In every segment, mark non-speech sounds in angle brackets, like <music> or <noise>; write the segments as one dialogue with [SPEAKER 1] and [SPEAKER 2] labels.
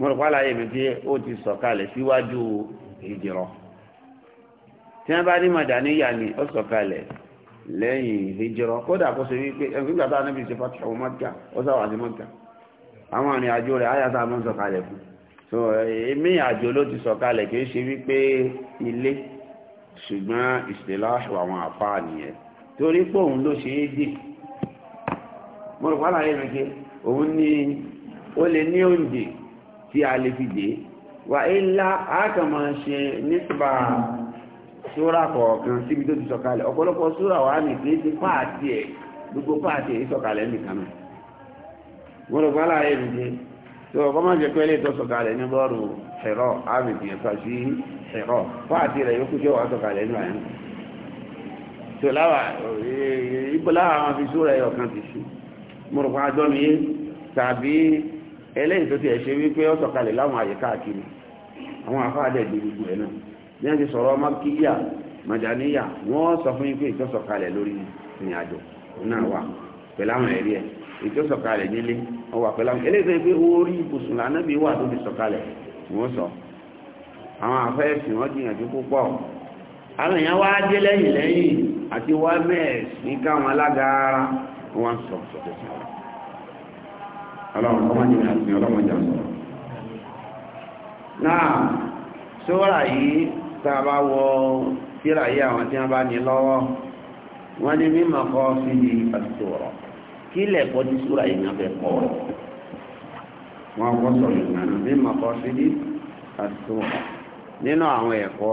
[SPEAKER 1] mọ̀rọ̀pá láyé mi pé ó ti sọ̀kalẹ̀ síwájú hijira tí wọ́n bá ní màdàníyà ni ó sọ̀kalẹ̀ lẹ́yìn hijira kódà kó ṣe wípé ẹ̀fígbà tá a níbi ṣe fàtí àwọn mọ́tíkà ó sáwà sí mọ́tíkà àwọn àrìn àjò rẹ̀ áyà tá a mọ́ fún so èmi àjò ló ti sọ̀kalẹ̀ kì í ṣe wípé ilé ṣùgbọ́n ìṣẹ̀láṣù àwọn àfáà nìyẹn torí pé òun ló ṣe é dì mọ̀rọ̀pá láyé mi pé òun ní ó lè ní òǹdè tí a lè fi dé wà ilá àkàmọ̀ ṣe nípa ṣúra kọ̀ọ̀kan síbi tó ti sọ̀kalẹ̀ ọ̀pọ̀lọpọ̀ ṣúra wà ní kí ti pààtì ẹ̀ gbogbo pààtì ẹ̀ sọ̀kalẹ̀ nìkan náà wọ́n lọ gbọ́lá ayé mi tó ọkọ̀ máa jẹ́ pé ilé tó sọ̀kalẹ̀ ní bọ́ọ̀rù ẹ̀rọ àmì ìyẹ̀fà sí ẹ̀rọ pààtì rẹ̀ yókù tí ó wà sọ̀kalẹ̀ nínú àyẹ̀ tó láwà ìbọ̀láwà eh, àwọn fi ṣúra ẹ̀ ọ̀kan ti sí mo rò pa àjọ tàbí Ele tó ti ẹ̀ṣẹ́ wípé ó sọ̀kalẹ̀ láwọn àyè káàkiri àwọn afọ gbogbo ẹ̀ bí wọ́n ti sọ̀rọ̀ wọ́n sọ fún yín ìtọ́sọ̀kalẹ̀ lórí ìrìn àjò náà wà pẹ̀lú àwọn ẹ̀rí ẹ̀ ìtọ́sọ̀kalẹ̀ nílé wọ́n wà pẹ̀lú àwọn eléyìí pé orí ibùsùn lànàbí wà tó ti sọ̀kalẹ̀ wọ́n sọ àwọn ọlọ́run kọ́ máa jẹ́ àti ọlọ́run jà sọ̀rọ̀ náà sóra yìí tá a bá wọ síra yìí àwọn tí wọ́n bá ní lọ́wọ́ wọ́n ní mímọ̀ kọ́ sí di àtòrọ̀ kí lẹ́kọ́ ti sóra yìí náà fẹ́ kọ́ rẹ̀ wọ́n kọ́ sọ̀rọ̀ ìgbàna mímọ̀ kọ́ sí di àtòrọ̀ nínú àwọn ẹ̀kọ́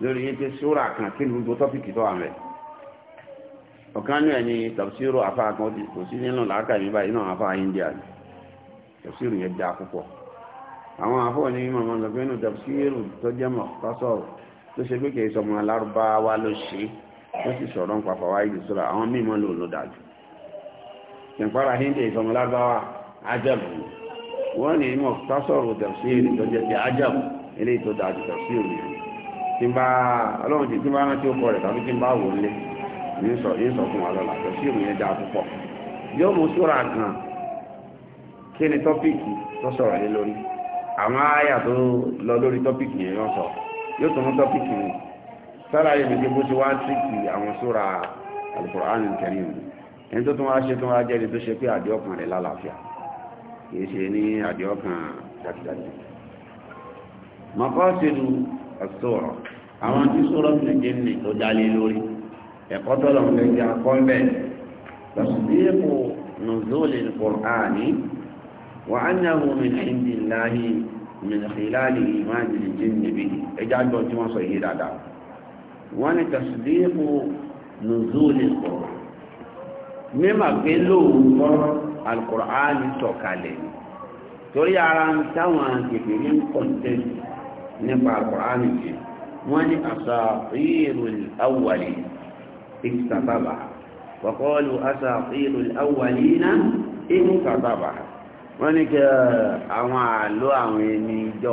[SPEAKER 1] lórí yín pé sóra kan kí ni gbogbo tọ́pìkì tó wà mẹ́ ọ̀kan ní ẹni tafsiru afá kan ti kò sí nínú làákà mi báyìí náà afá India ni tafsiru yẹn dá púpọ̀ àwọn afọ ní mọ̀mọ́ lọ pé inú tafsiru tó jẹ́ mọ̀ pásọ̀rọ̀ tó ṣe pé kìí sọmọ alárúbáwá ló ṣe ó sì sọ̀rọ̀ nípa fàwa ìlú sọ́ra àwọn míì mọ́ lòun ló dájú tẹ̀m̀pára hindi ìsọmọ alárúbáwá ajabu wọ́n ní mọ̀ pásọ̀rọ̀ tafsiru tó jẹ́ ti ajabu eléyìí tó dájú tafsiru yẹn tí bá ọlọ́run ti tí bá rántí ó kọ rẹ̀ tàbí tí bá wò lé yín sọ fún wa lọ́la tó sí ìròyìn ẹja púpọ̀ yóò mú sóra kan kí ni tọ́pìkì tó sọ̀rọ̀ lé lórí àwọn àyà tó lọ lórí tọ́pìkì yẹn yóò sọ yóò tó mú tọ́pìkì mi sára yìí mi ti bó ti wá tìkì àwọn sóra Al-Qur'an Al-Karim mi ẹni tó tún wá ṣe tó wá jẹ́ ni tó ṣe pé àdéhùn rẹ̀ lálàáfíà kì í ṣe ní àdéhùn dájúdájú. mọ̀kọ́ ṣèlú àṣọrọ àwọn tí sọ̀rọ̀ tó lè jẹ ní tó dálé lórí ẹ̀kọ́ tó lọ fẹ́ jẹ akọọbẹ lọsibíyẹpọ nùzọlẹ kùránì wà á ní àwọn min indillahi min khilali ìmáàjì jẹ níbi ẹjá gbọ́ tí wọn sọ yìí dáadáa wọn ni tàṣibíyẹpọ nùzọlẹ kùránì mímà pé lóòótọ́ alukùránì sọ̀kalẹ̀ torí ara ń táwọn kèfèrí ń kọ̀ǹtẹ́sì nípa àkùránì jẹ wọn ní àsàtírù awàlì ìtàbàbà wọ́kọ́lù àsàtírù awàlì náà ìtàbàbà wọ́n ní kẹ eh, àwọn àwọn ẹni bí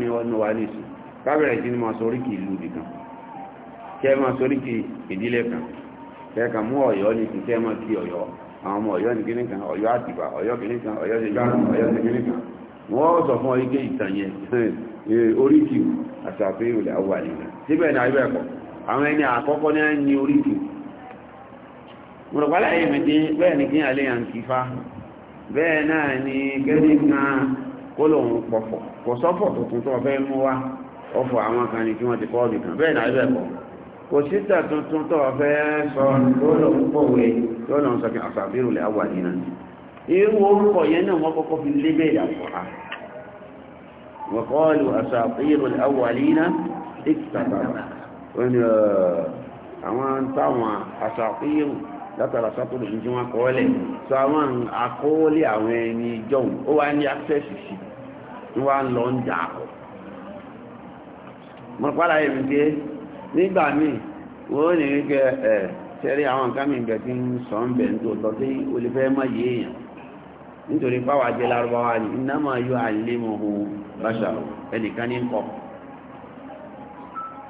[SPEAKER 1] ní ọdún wa kábẹ̀rẹ̀ sí ni máa soríkì ìlú nìkan kẹ́ ìdílé kan kẹ́ mú ọ̀yọ́ ní ti kẹ́ máa kí ọ̀yọ́ àwọn ọmọ ọ̀yọ́ ní kíníkan ọ̀yọ́ àtìbà ọ̀yọ́ kíníkan ọ̀yọ́ kíníkan wọ́n sọ fún ike ìtànyẹ oríkìú àṣàfihàn ilẹ̀ àwọn àlìyàn síbẹ̀ ní àríwẹ̀ ẹ̀kọ́ àwọn ẹni àkọ́kọ́ ní a ń oríkìú mọ̀rọ̀pálá yìí mẹ́tí bẹ́ẹ̀ ni kí n àlẹ́ yàn kífá bẹ́ẹ̀ náà ni kẹ́lí kan kó lòun pọ̀fọ̀ kò sọ́fọ̀ tuntun tó fẹ́ mú wá ọ̀fọ̀ àwọn kan ni kí wọ́n ti kọ́ ọ̀dì kan bẹ́ẹ̀ ní tuntun tó fẹ́ sọ irú orúkọ yẹn náà wọ́n kọ́kọ́ fi lébẹ̀ ìyàpọ̀ ha wọ́n kọ́ lu àṣà àpéyèrò àwọ̀ àlìyínà ìkìtàbà wọ́n ni àwọn táwọn àṣà látara sátọ̀dọ̀ tí wọ́n kọ́ lẹ̀ sọ àwọn àkọọ́lẹ̀ àwọn ẹni ìjọun ó wá ní access sí ní wá lọ ń mo yẹ mi pé nígbà míì wọ́n ní ẹ̀ sẹ́rí àwọn nǹkan mi bẹ̀ tí ń nítorí pàwọ́ ajé lárúbáwá ni iná máa yọ àlémọ̀hún báṣà ẹnìkan ní kọ́.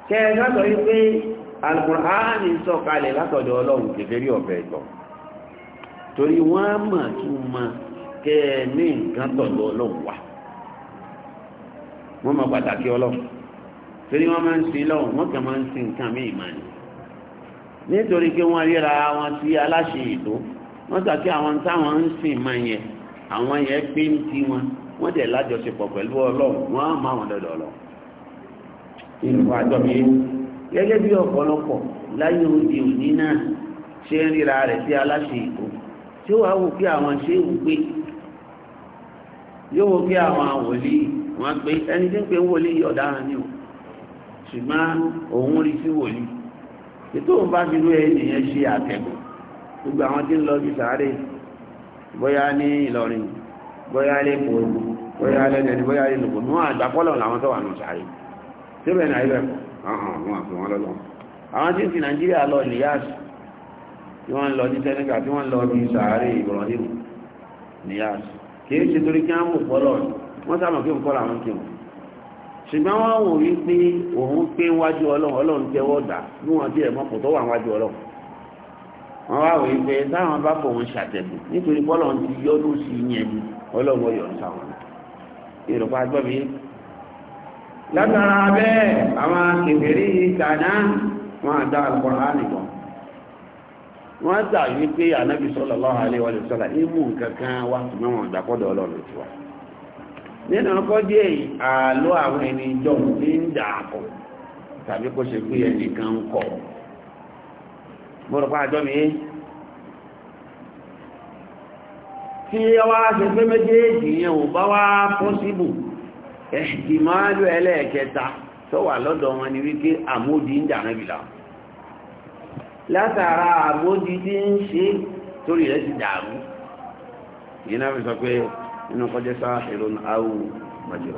[SPEAKER 1] kẹrìnká sọ wípé alukur'ani sọ̀kalẹ̀ látọ̀dọ̀ ọlọ́run kèfèrí ọ̀fẹ́ ìtọ̀ torí wọ́n á mọ̀ tún mọ kẹ́ ẹ ní nǹkan tọ̀dọ̀ ọlọ́run wà wọ́n mọ pàtàkì ọlọ́run torí wọ́n máa ń sin lọ́run wọ́n kàn máa ń sin nǹkan mí ìmọ̀ ni nítorí pé wọ́n ríra wọn sí aláṣẹ ètò wọ́n sọ àwọn táwọn ń sìn máa yẹn àwọn yẹn pé ń ti wọn wọ́n dẹ̀ lájọṣepọ̀ pẹ̀lú ọlọ́run wọ́n á máa wọn dọ̀dọ̀ lọ. ìlú àjọ mi gẹ́gẹ́ bí ọ̀pọ̀lọpọ̀ láyé òde òní náà ṣe ń ríra rẹ̀ sí aláṣẹ ìbò tí ó wàá wò pé àwọn ṣé ń pé yóò wò pé àwọn wòlíì wọn pé ẹni tí ń pè wòlíì ọ̀daràn ni o ṣùgbọ́n òun rí sí wòlíì ètò òun bá fi rú ẹni yẹn ṣe àtẹ̀gùn gbogbo àwọn tí ń lọ bí sáré bóyá ní Ìlọrin bóyá lẹ́kọ̀ọ́ bóyá lẹ́nẹ̀ẹ́ni bóyá lẹ́lùkọ́ ní wọ́n àgbàpọ́lọ̀ làwọn tó wà ní síbẹ̀ àwọn tí Nàìjíríà lọ lọ Senegal tí wọ́n lọ ṣùgbọ́n wọ́n wò wípé òun wájú Ọlọ́run Ọlọ́run wọ́n wá wòye pé táwọn bá wọn ṣàtẹ̀kù nítorí bọ́lọ̀ ń ti yọ́nú sí yẹn ọlọ́run ọyọ̀ ń sáwọn látara bẹ́ẹ̀ àwọn kàná wọn àdá al nìkan wọ́n dà wípé ànábì sallallahu alaihi wa sallam ìmú nǹkankan wá mẹ́wọ̀n ìgbàkọ́dọ̀ ọlọ́run ti wá nínú ọkọ́ díẹ̀ àlọ́ àwọn ẹni ń dà tàbí kó ṣe pé ẹnìkan ń mọ̀rọ̀pá àjọ mi tí wá ṣe pé méjèèjì yẹn ò bá wá pọ́síbù ẹ̀ṣìmáàlú ẹlẹ́ẹ̀kẹta tó wà lọ́dọ̀ wọn ni wípé àmódi ń dànà bìlà látara àmódi tí ń ṣe torí rẹ̀ ti dàrú yìí náà fi sọ pé inú kọjẹ́ sáà áwù mọ̀jọ́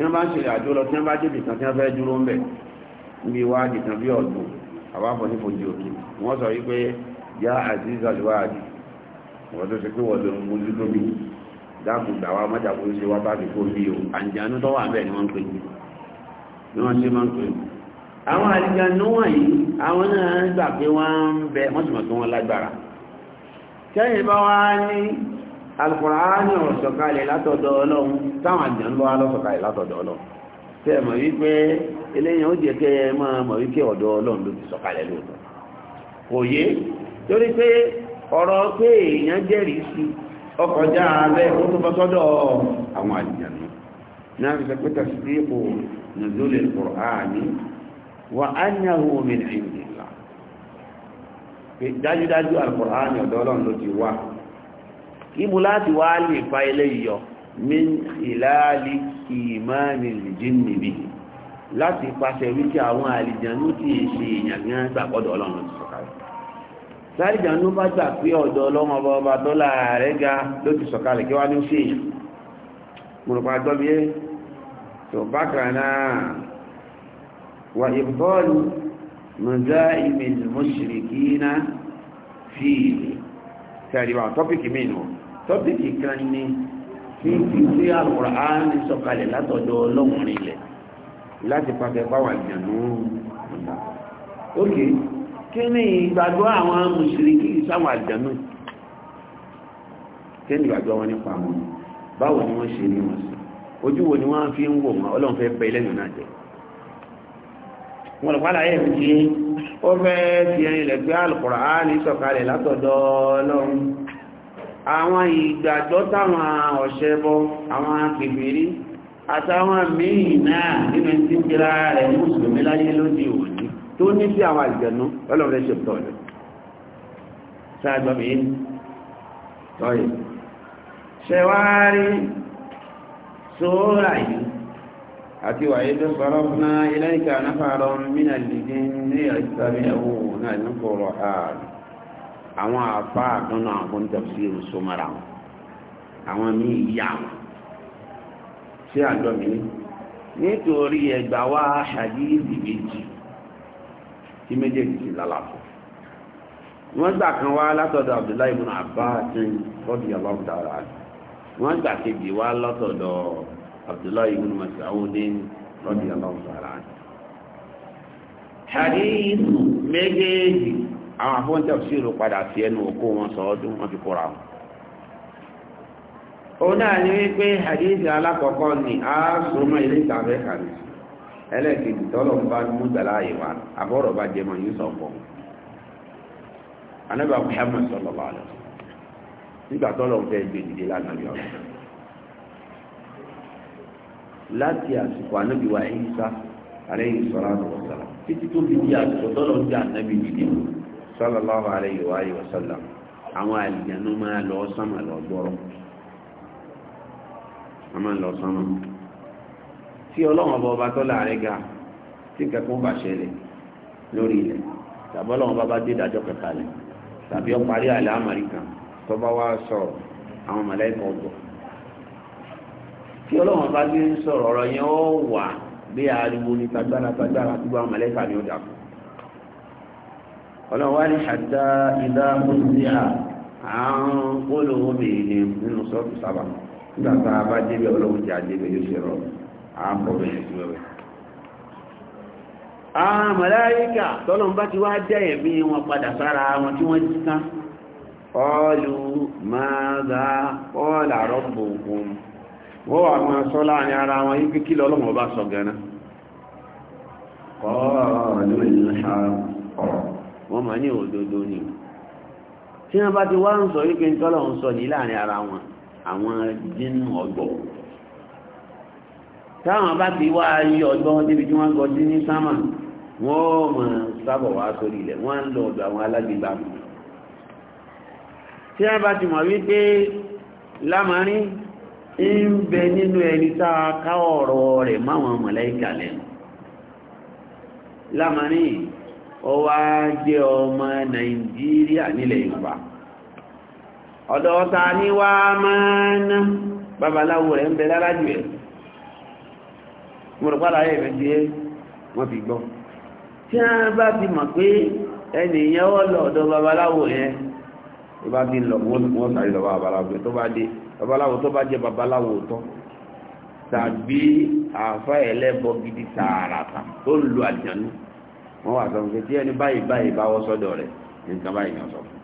[SPEAKER 1] tí wọ́n bá ń ṣe àjò lọ tí wọ́n bá débi kan tí wọ́n fẹ́ dúró ń bẹ̀ níbi wáàdì kan bí ọ̀gbọ̀n àbáfọ̀ ní fojì òkè wọ́n sọ wípé yá aziz alwadi wọ́n tó ṣe pé wọ́n lọ mú ojú tóbi dákùn gbà wá mọ́jà kó ṣe wá bá fi kó bí o àǹjánú tó wà bẹ́ẹ̀ ni wọ́n ń pè ní wọ́n ṣe máa ń pè ní. àwọn àlìjànú wọ̀nyí àwọn náà gbà pé wọ́n ń bẹ wọ́n sì mọ̀ pé wọ́n lágbára. kẹ́yìn bá wá ní alukùránì ọ̀rọ̀ sọ̀kalẹ̀ látọ̀dọ̀ ọlọ́run táwọn àjẹ́ ń lọ alọ́sọ̀kalẹ̀ látọ̀dọ̀ ọlọ́run tẹ́ mọ̀ wípé eléyìn ó jẹ́ kẹ́ ẹ máa mọ̀ wípé ọ̀dọ̀ ọlọ́run ló ti sọ̀kalẹ̀ lóòótọ́ kò yé torí pé ọ̀rọ̀ pé èèyàn jẹ́rìí sí ọkọjá abẹ́ ó tó bọ́ sọ́dọ̀ àwọn àjẹ́nu náà fi sọ pé tasdiqu nuzul al-Qur'ani wa annahu min indillah dájúdájú alukùránì ọ̀dọ̀ ọlọ́run ló ti wá ibu láti wá lè fa ilé yọ min ìlàálí ìmáàni lìjínì bí láti pàṣẹ wípé àwọn àlìjànú tí ì ṣe èèyàn ní àgbà gbọ́dọ̀ ọlọ́run ti sọ̀kalẹ̀ sáàlìjànú bá gbà pé ọ̀dọ̀ ọlọ́run ọba dọ́là rẹ̀ ga ló ti sọ̀kalẹ̀ kí wá ní ṣe èèyàn mo rò pa gbọ́ mi yé tó bákan náà wà ìbọ́ọ̀lù mọ̀já ìmìlì mọ́ṣìrìkì náà fíìlì tẹ̀lé wa tọ́pìkì mìíràn tọ́pìkì kan ni fi fi sí àlùkùránì sọ̀kalẹ̀ látọ̀dọ̀ ọlọ́run rinlẹ̀ láti pàṣẹ báwà ìjànú ìgbà ok kí ni ìgbàgbọ́ àwọn mùsùlùmí sáwọn àjànú kí ni ìgbàgbọ́ wọn nípa wọn báwo ni wọ́n ṣe ní wọn sí ojú wo ni wọ́n fi ń wò wọn ọlọ́run fẹ́ bẹ ilẹ̀ náà jẹ́ wọn lọ́pàá láyé mi ti ó fẹ́ fi ẹyin lẹ̀ pé àlùkùránì sọ̀kalẹ̀ látọ̀dọ̀ ọlọ́run àwọn ìgbàgbọ́ táwọn ọ̀ṣẹ́bọ àwọn kèfèrí àtàwọn míì náà nínú tí ń jẹ́ra rẹ̀ mùsùlùmí láyé lóde òní tó ní sí àwọn àjẹ̀nú ọlọ́run ṣe tọ̀ àwọn àfa àkànnà àwọn tafsir sọmọra wọn àwọn míì yá wọn ṣé àjọ mi ní nítorí ẹgbà wá hadithi méjì tí méjèèjì sí lálàfo wọ́n gbà kan wá látọ̀dọ̀ abdullahi ibn abbas radiyallahu ta'ala anhu wọ́n gbà kejì wá látọ̀dọ̀ abdullahi ibn mas'ud radiyallahu ta'ala anhu hadith méjèèjì. àwọn àfọ́ńtẹ̀ òṣèlú padà fi ẹnu òkú wọn sọ ọdún wọn fi kóra wọn òun náà ni wípé hadith alákọ̀ọ́kọ́ ni a súnmọ́ ilé ìtàfẹ́ kàrí ẹlẹ́kìtì tọ́lọ̀ ń bá mú gbàlá ìwà àbọ̀rọ̀ bá jẹmọ yìí sọ fún anábà Muhammad sallallahu alaihi wasallam nígbà tọ́lọ̀ ń fẹ́ gbé láti àsìkò anábì wa títí tó fi di àsìkò ń jẹ́ anábì sallallahu alayhi wa alayhi wa sallam àwọn àlìjẹ̀nú máa lọ sánmà lọ gbọ́rọ̀ a máa lọ sánmà tí ọlọ́run ọba ọba tọ́lá rẹ̀ ga tí nǹkan kan bá ṣẹlẹ̀ lórí ilẹ̀ tàbí ọlọ́run ọba bá dé ìdájọ́ kẹta lẹ̀ tàbí ọparí àlẹ́ amẹ́ríkà tó bá wá àwọn mọ̀lẹ́kọ̀ ọgbọ̀ tí ọlọ́run ọba gbé ń sọ̀rọ̀ yẹn ó wà bí ariwo ní tagbára tagbára tí gbọ́ àwọn mọ̀lẹ́kà ni ó dàpọ̀ ọlọ́wárí ṣàtà ìdá mọ́síà àrùn olóhùnmíhìn nínú sọ́ọ̀tù sábà nígbà tá a bá débẹ̀ ọlọ́run ti àdébẹ̀ yóò ṣe rọ àbọ̀bẹ̀ sí wẹ́wẹ́ àwọn màláíkà tọ́lọ́n bá ti wá jẹ́ ẹ̀mí wọn padà sára wọn tí wọ́n jí tán ọlù máàdá ọlà rọ́bù òkun wọ́n wà máa sọ láàrin ara wọn yí kíkí lọ́lọ́wọ́ bá sọ gẹ́nà ọlù ìlú wọ́n mọ̀ ní òdodo ni tí wọ́n bá ti wá ń sọ wípé tọ́lọ̀ ń sọ ní láàrin ara wọn àwọn dínú ọgbọ̀ táwọn bá ti wá ayé ọgbọ́n débi tí wọ́n gọ sí ní sámà wọ́n mọ̀ sábọ̀ wá sórí ilẹ̀ wọ́n ń lọ ọ̀dọ̀ àwọn alágbègbà tí wọ́n bá ti mọ̀ wípé lámarin ń bẹ nínú ẹni tá a ká ọ̀rọ̀ rẹ̀ máwọn mọ̀lẹ́kà lẹ́nu ó wá jẹ́ ọmọ nàìjíríà nílẹ̀ yorùbá ọ̀dọ̀ ta ní wá máa ná babaláwo rẹ̀ ń bẹ lára jù ẹ̀ tí a bá ti mọ̀ pé ẹnìyàn ó lọ ọ̀dọ̀ babaláwo yẹn tó bá ti lọ wọ́n sàrí lọ tó bá tọ́ tàbí gidi tó ń lu wọ́n wà sọ pé tí ẹni báyìí báyìí bá wọ́ sọ́dọ̀ rẹ̀ nǹkan báyìí ni ọ sọ fún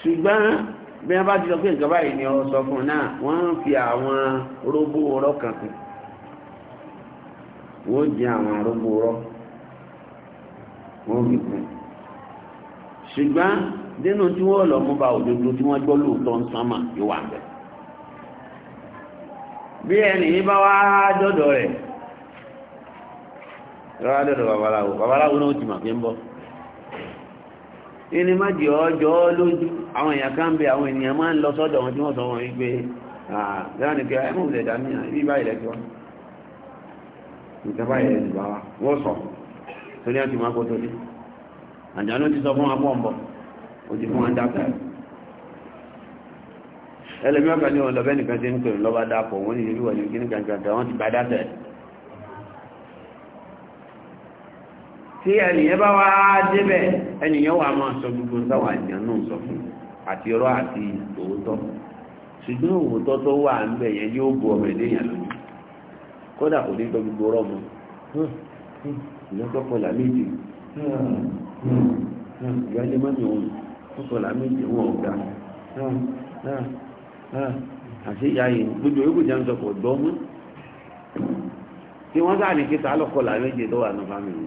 [SPEAKER 1] ṣùgbọ́n bí wọ́n bá ti sọ pé nǹkan báyìí ni ọ sọ fún náà wọ́n ń fi àwọn rógbó ọ̀rọ̀ kan kù wọ́n jẹ àwọn rógbó ọ̀rọ̀ wọ́n fi kù ṣùgbọ́n nínú tí wọ́n lọ mú bá òdodo tí wọ́n gbọ́ lóòótọ́ ń sánmà yóò wà ń bẹ̀ bí ẹni bá wá dọ́dọ̀ rẹ̀ lọ́wọ́ dọ̀dọ̀ babaláwo babaláwo náà ti mà pé ń bọ́ ẹni má jẹ́ ọjọ́ lójú àwọn èèyàn kan bẹ àwọn ènìyàn máa ń lọ sọ́dọ̀ wọn tí wọ́n sọ wọn wípé wa wọ́n sọ torí àti máa kó tó dé àjánú ti sọ fún wa pọ̀nbọ̀ ó ti fún wa dápẹ́ ẹlẹ́mí ọ̀kan ní ọ̀lọ́bẹ́ nìkan ti ń pè lọ́ba dápọ̀ wọ́n ní ìlú wọ̀nyí kí nìkan kan wọ́n ti gba dápẹ́ tí ẹnìyàn bá wá débẹ̀ ẹnìyàn wà máa sọ gbogbo táwọn àjẹ́ náà sọ fún àti ọrọ àti òótọ́ ṣùgbọ́n òótọ́ tó wà yẹn yóò bu ọmọ kódà kò ní gbogbo òun àti ìyá yìí gbogbo ń sọ pọ̀ gbọ́ mú tí sáà ní kíta tó wà ní fámìlì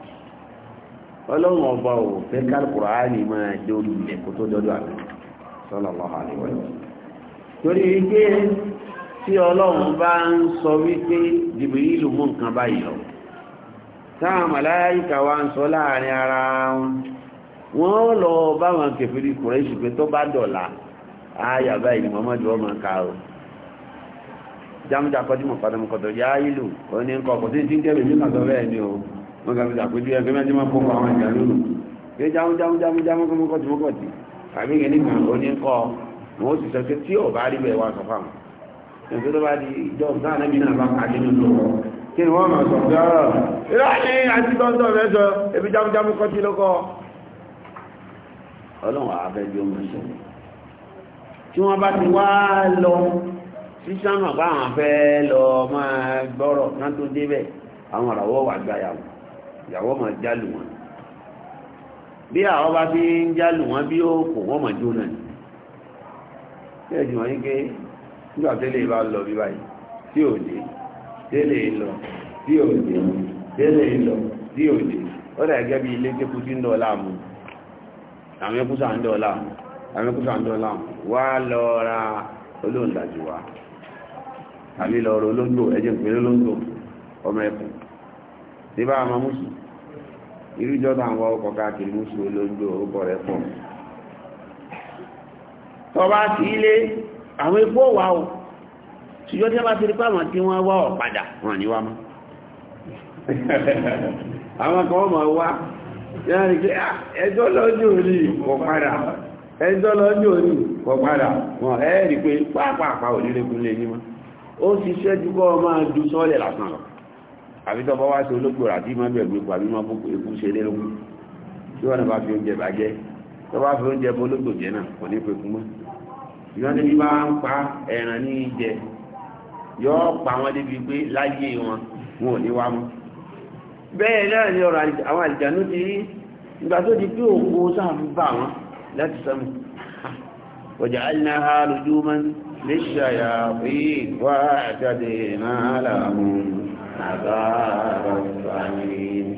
[SPEAKER 1] ọlọ́run ọba ò fẹ́ kálùkùrù áàrì máa jẹ́ olùlẹ̀ kò tó dọ́dọ̀ àmì sallallahu alaihi wa sallam torí wípé tí ọlọ́run bá ń sọ wípé Jibrilu mú nǹkan báyìí lọ táwọn màláyíkà wa ń sọ láàrin ara wọn wọ́n lọ báwọn kẹfìrí Kùrẹ́ṣì pé tó bá dọ̀la ayà báyìí Muhammadu ọmọ ká o jámújà kọjú mọ̀ padà mọ̀ kọ̀tọ̀ yá ìlú òní wọ́n kàfi dàpéjú ẹgbẹ́ mẹ́jọ máa kópa àwọn ìjà lónù pé jámú jámú jámú jámú kó mọ́kọ́tì mọ́kọ́tì tàbí ìyẹn nìkan oní kọ́ wọ́n sì sọ pé tí ò bá rí bẹ́ẹ̀ wá sọ fáwọn ẹ̀sẹ̀ tó bá di ìjọ sáànà bí ebi jámú jámú kọ́tì lọ́kọ́ ọlọ́run àbẹ́jọ́ mọ̀ sọ́ọ̀ tí wọ́n bá ti wá lọ sí sámà báwọn fẹ́ lọ máa gbọ́rọ̀ kan tó débẹ̀ àwọn àràwọ̀ wà gbáyàwó ìyàwó ọmọ jálù wọn bí àwọn bá fi ń jálù wọn bí ó kò wọ́n mọ̀ jóná ní ẹ̀jì wọ́n yíké nígbà tẹ́lẹ̀ bá lọ bí báyìí tí ò dé tẹ́lẹ̀ lọ tí ò dé tẹ́lẹ̀ lọ tí ò dé ó dà gẹ́gẹ́ bí ilé tẹ́kù tí ń dọ̀ọ́lá mu àwọn ẹkùsà ń dọ̀ọ́lá mu àwọn ẹkùsà ń dọ̀ọ́lá mu wá lọ ra olóńdàjù wa tàbí lọ ra olóńgbò ẹ̀jẹ̀ ń pè olóńgbò ọmọ ẹkùn tí bá irújọ́dọ̀ àwọn ọkọ̀ káàkiri mú sí olóńgbò orúkọ rẹ̀ pọ̀ tọba ti ilé àwọn epo wà ó ṣùgbọ́n tí a bá ti rí pàmọ̀ tí wọ́n wá ọ̀padà wọ́n ní wá mọ́ <laughs> àwọn kan mọ̀ wá ah, ẹjọ́ lọ́jọ́ orí ọ̀padà ẹjọ́ lọ́jọ́ orí ọ̀padà wọ́n ẹ́ẹ̀rí pé pápápá òdílékúnlé ní mọ́ ó ti ṣẹ́jú kọ́ máa ju lásán lọ àbí tọ́ bá wá sí olóògbò àti ìmọ̀ ẹgbẹ̀ gbogbo àbí máa bókù ikú ṣe lé lógún tí wọ́n bá fi oúnjẹ bàjẹ́ tọ́ bá fi oúnjẹ bọ́ olóògbò jẹ́ náà kò ní pé kú mọ́ ìwọ́n débi máa ń pa ẹran ní ìjẹ yọ́ pa wọ́n débi pé láyé wọn wọn ò ní wá mọ́ bẹ́ẹ̀ náà ni ọ̀rọ̀ àwọn àlìjànú ti rí ìgbà tó di pé òkú sáàfù bá wọn láti sẹ́mu ọjà alìnáha lójú mọ́ lè ṣàyàwó àjáde náà làwọn عذاب الصليم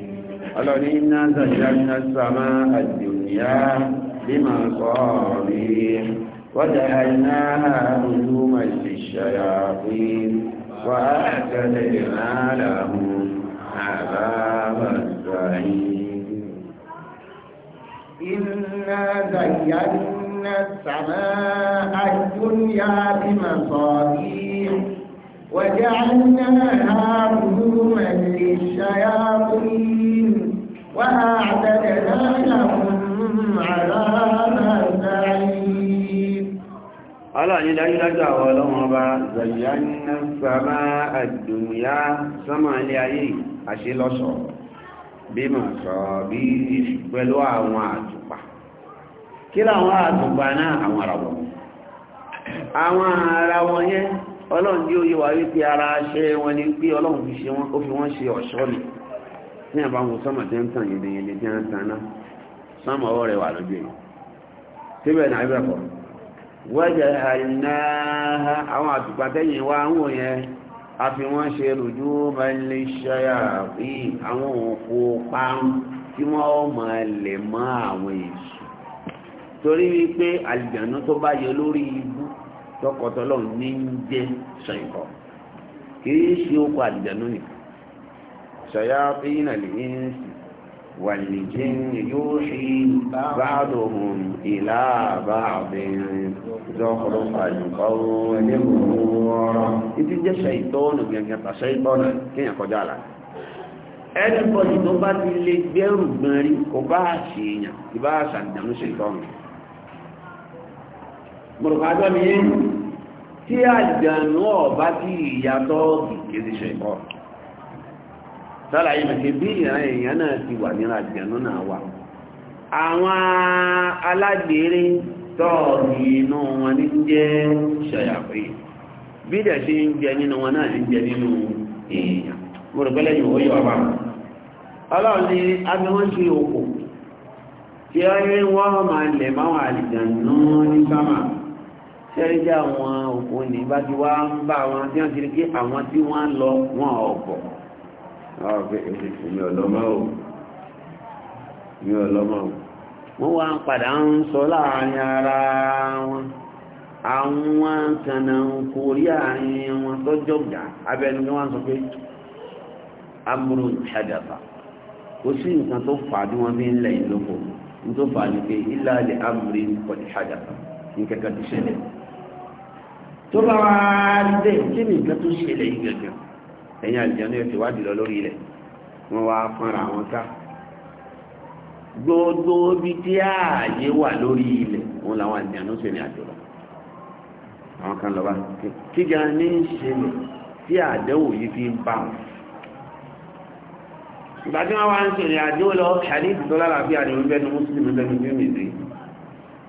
[SPEAKER 1] الذين نزلنا السماء الدنيا بمصابيح وجعلناها رجوما للشياطين واعتدنا لهم عذاب الزعيم انا زينا السماء الدنيا بمصابيح وجعلناها رجوما للشياطين وأعتدنا لهم عذاب سعير ألا إلى إلى ولوما زينا السماء الدنيا سما لأيه أشيل أشعر bímọ sọ̀bí pẹ̀lú àwọn àtùpà kí láwọn àtùpà náà àwọn àràwọ̀ àwọn àràwọ̀ yẹn ọlọ́run yóò yẹ wá wípé ara ṣe wọn ni pé ọlọ́run fi ṣe wọn ó fi wọn ṣe ọ̀ṣọ́ ni ní àbáwọn sọmọ tí ń tàn yìí ní tí ń tan náà sọmọ ọwọ́ rẹ̀ wà lójú yìí síbẹ̀ náà ibẹ̀ kọ́ wọ́jẹ̀ àìnáà àwọn àtùpàtẹ́yìn wa ń wò yẹn a fi wọ́n ṣe rùjú mẹ́lẹ́ ṣẹ́yà bí àwọn òkú parun tí wọ́n máa lè mọ́ àwọn èṣù torí wípé àlìjànú tó bá yọ lórí ibi tọkọtọlọ ní ń jẹ ṣẹyìnkọ kìí ṣe okò àdìjànú ni ṣọyá fíyìn àlè ń sì wà lè jẹ yóò ṣe báàdù hùn ìlà báàbẹ zọkọrọ àyùkọ ẹni wọrọ títí jẹ ṣẹyìntọ ọnà gẹ́gẹ́ ta ṣẹyìntọ ọnà kéèyàn kọjá àlà ẹni tó bá ti lè gbẹ́rù gbọ́n kò bá ṣèèyàn kì bá ṣàdìjànú ṣèyìntọ mọ̀rọ̀kọ̀ àjọ́ mi yé tí àjànú ọ̀bá tí ìyàtọ́ kìí ṣe kọ́ sára bí ìran náà ti wà ní àjànú náà wà àwọn alágbèrè tọ́ọ̀gì inú wọn ní jẹ́ ṣàyàpé bí ń jẹ nínú wọn náà jẹ nínú èèyàn wọ́n máa ní sẹ́rí jẹ́ àwọn òkú ní bá ti wá ń bá wọn tí wọ́n ti rí pé àwọn tí wọ́n ń lọ wọn ọ̀pọ̀ wọ́n wá ń padà ń sọ láàrin ara wọn àwọn kànà kò rí àárín wọn tọ́jọ́ gbà abẹnu ni wọ́n sọ pé amúrò ìṣàdàbà kò sí nǹkan tó fà á bí wọ́n fi ń lẹ̀yìn lóko ní tó fà á ní pé ìlàlẹ̀ amúrò ìṣàdàbà ní kẹ́kẹ́ tó ṣẹlẹ̀ tó bá wá rí bẹ́ẹ̀ kí ni nǹkan tó ṣẹlẹ̀ yìí gangan ẹ̀yìn àlìjáná ẹ̀ ti wá dìlọ lórí rẹ̀ wọ́n wá fọ́nra wọn ká gbogbo ibi tí ààyè wà lórí ilẹ̀ òun làwọn àlìjáná ṣe ní àjò lọ àwọn kan lọ bá kíga ní ṣẹlẹ̀ tí àdẹ́wò yìí fi ń bá wọn ìgbà tí wọ́n wá ń ṣe ní àjò lọ hadith tó lálàáfíà ni wọ́n bẹ́nu mùsùlùmí bẹ́nu bí mi rí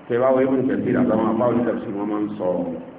[SPEAKER 1] tẹ̀wá wọ́n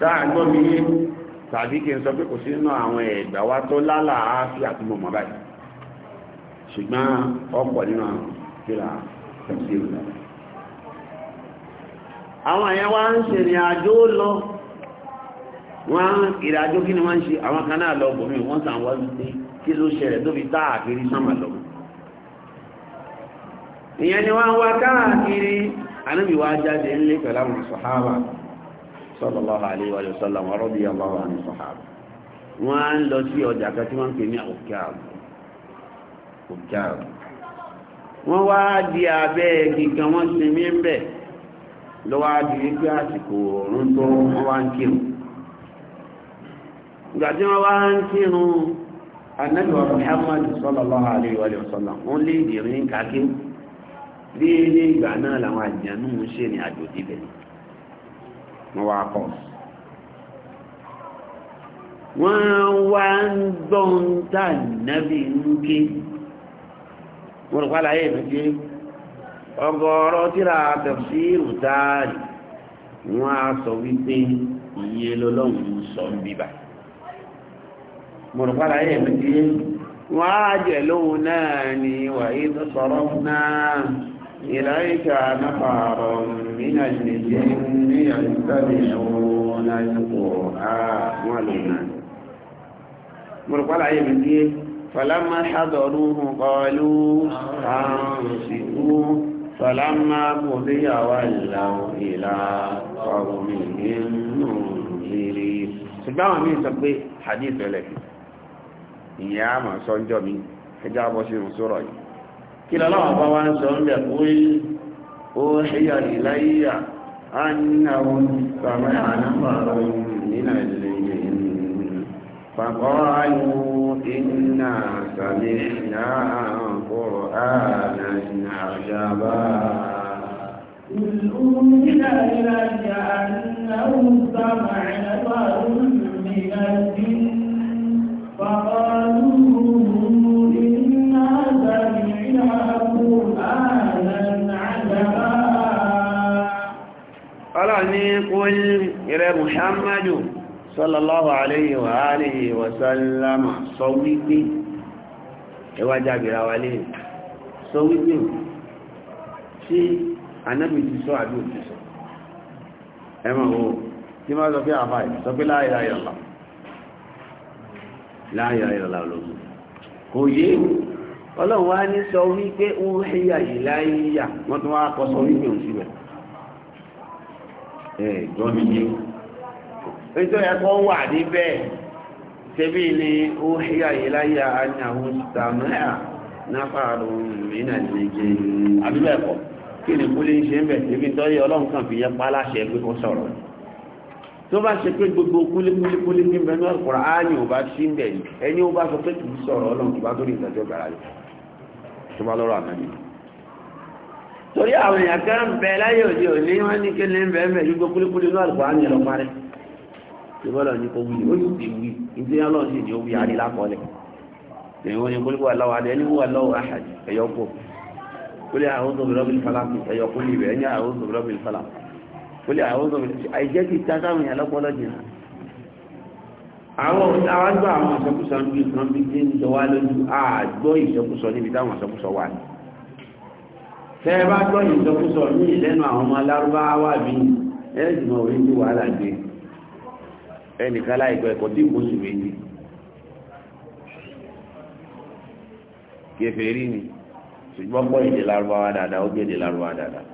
[SPEAKER 1] sáàgbọ́ mi tàbí kí n sọ pé kò sí àwọn ẹ̀gbà wá tó lálàáfíà tí mo mọ̀ báyìí ṣùgbọ́n ọ̀pọ̀ nínú àwọn kíra àwọn èèyàn wá ń ṣe ìrìn àjò lọ wọ́n ìrìn kí ni wọ́n ń ṣe àwọn kan náà lọ wọ́n sàn wọ́n kí ló ṣẹlẹ̀ tó fi táàkiri sánmà lọ ìyẹn ni wọ́n wá káàkiri jáde pẹ̀lú sallallahu alaihi wa sallam radiyallahu anhu sahaba wọ́n á ń lọ sí ọjà kan tí wọ́n ń pè ní òkèàrù wọ́n wá di abẹ́ igi kan wọ́n sinmi ń bẹ̀ lọ́wọ́ di wípé àsìkò ọ̀run tó wọ́n wá ń kírun ìgbà tí wọ́n wá ń kírun anábìwá Muhammad sallallahu alaihi wa sallam wọ́n lé ìdìrín kakí bí ní ìgbà náà làwọn àjẹnú ń ṣe ní àjò dìbẹ̀ wọ́n wá kọ́ wọ́n wá ń gbọ́n nke. nábì ń ké wọ́n rọ̀ pàlàyé ìfẹ́jẹ́ ọgọ́rọ̀ tíra so ìrùtáàrì iye sọ mo rọ̀ pàlàyé ìfẹ́jẹ́ wọ́n á jẹ̀ sọrọ ni wàyí tó من الجن يتبعون القرآن والناس مرقل عيب فلما حضروه قالوا أنصتوا فلما قضي ولوا إلى قومهم منذرين ṣùgbọ́n àwọn míì sọ pé hadith ẹlẹ́kì ìyá àmà sọ́njọ́ mi ẹjọ́ àbọ̀ṣe ìrùsọ́rọ̀ yìí kí lọ́lọ́wọ́ bá wá ń sọ ń bẹ̀ kúrí أوحي إلي أنه سمع نفر من الجن فقالوا إنا سمعنا قرآنا عجبا قل أوحي إلي أنه سمع نفر من الجن فقالوا ọlọ́ni kúl ìrẹ muhammadu sallallahu alayhi wa alihi wa sallama sọ wípé ẹwà jágbìra wà lè sọ wípé tí anábì ti sọ àbí òtí sọ ẹmọ̀ o tí máa sọ pé àfáì sọ pé la ilaha illallah la ilaha illallah olóògùn kò yé ọlọ́run wá ní sọ wípé ó híyà yìí láyíyà wọ́n tún wá kọ sọ wípé òun síbẹ̀ ẹ̀ gbọ́ mi yé nítorí ẹ̀kọ́ wà níbẹ̀ ṣebí ni ó híyà yìí láyíyà á ní àwọn sàmáà náfààrọ̀ mìíràn ní jẹ́ àbíbẹ̀kọ́ kí ni kúlé ń ṣe ń bẹ̀ níbi nítorí ọlọ́run kan fi yẹ pa aláṣẹ pé kó sọ̀rọ̀ tó bá ṣe pé gbogbo kúlékúlékúlé ní bẹnu Al-Kùránì ò bá sí ń bẹ̀ ẹni ó bá sọ pé kì í sọ̀rọ̀ ọlọ́run kì bá tó ní ìdájọ́ gbàrà yìí tó bá lọ́rọ̀ ànábì torí àwọn èèyàn kan ń bẹ láyé òde òní wọ́n ní kí ní ń bẹ ń bẹ ṣùgbọ́n kúlíkúlí ní àlùkò àmì ẹ̀rọ parẹ́ ìbọ́lọ̀ ní kò wí ó sì ti wí ìdí ọlọ́run sì ní ó wí àrí lákọọ́lẹ̀ èèyàn ní kúlíkúlí aláwọ̀ adé ẹni wúwà lọ́wọ́ àhàjì ẹ̀yọ́ pọ̀ kúlí àwọn tó bẹ̀rọ̀ bíi àwọn àwájọ́ àwọn ìṣẹ́kúsọ ń bí kan bí jẹ́ ìjọ wá lójú àgbọ́ ìṣẹ́kúsọ níbi táwọn ìṣẹ́kúsọ wà ní tẹ́ bá gbọ́ ìṣẹ́kúsọ ní ìlẹ́nu àwọn ọmọ alárúbáwà bí ẹ̀ẹ́dìmọ̀ orí ní wàhálà gbé ẹnìkan láìpẹ́ ẹ̀kọ́ tí kò sì méjì kèfèrí ni ṣùgbọ́n pọ̀ ìdè lárúbáwà dáadáa ó gbé ìdè lárúbáwà dáadáa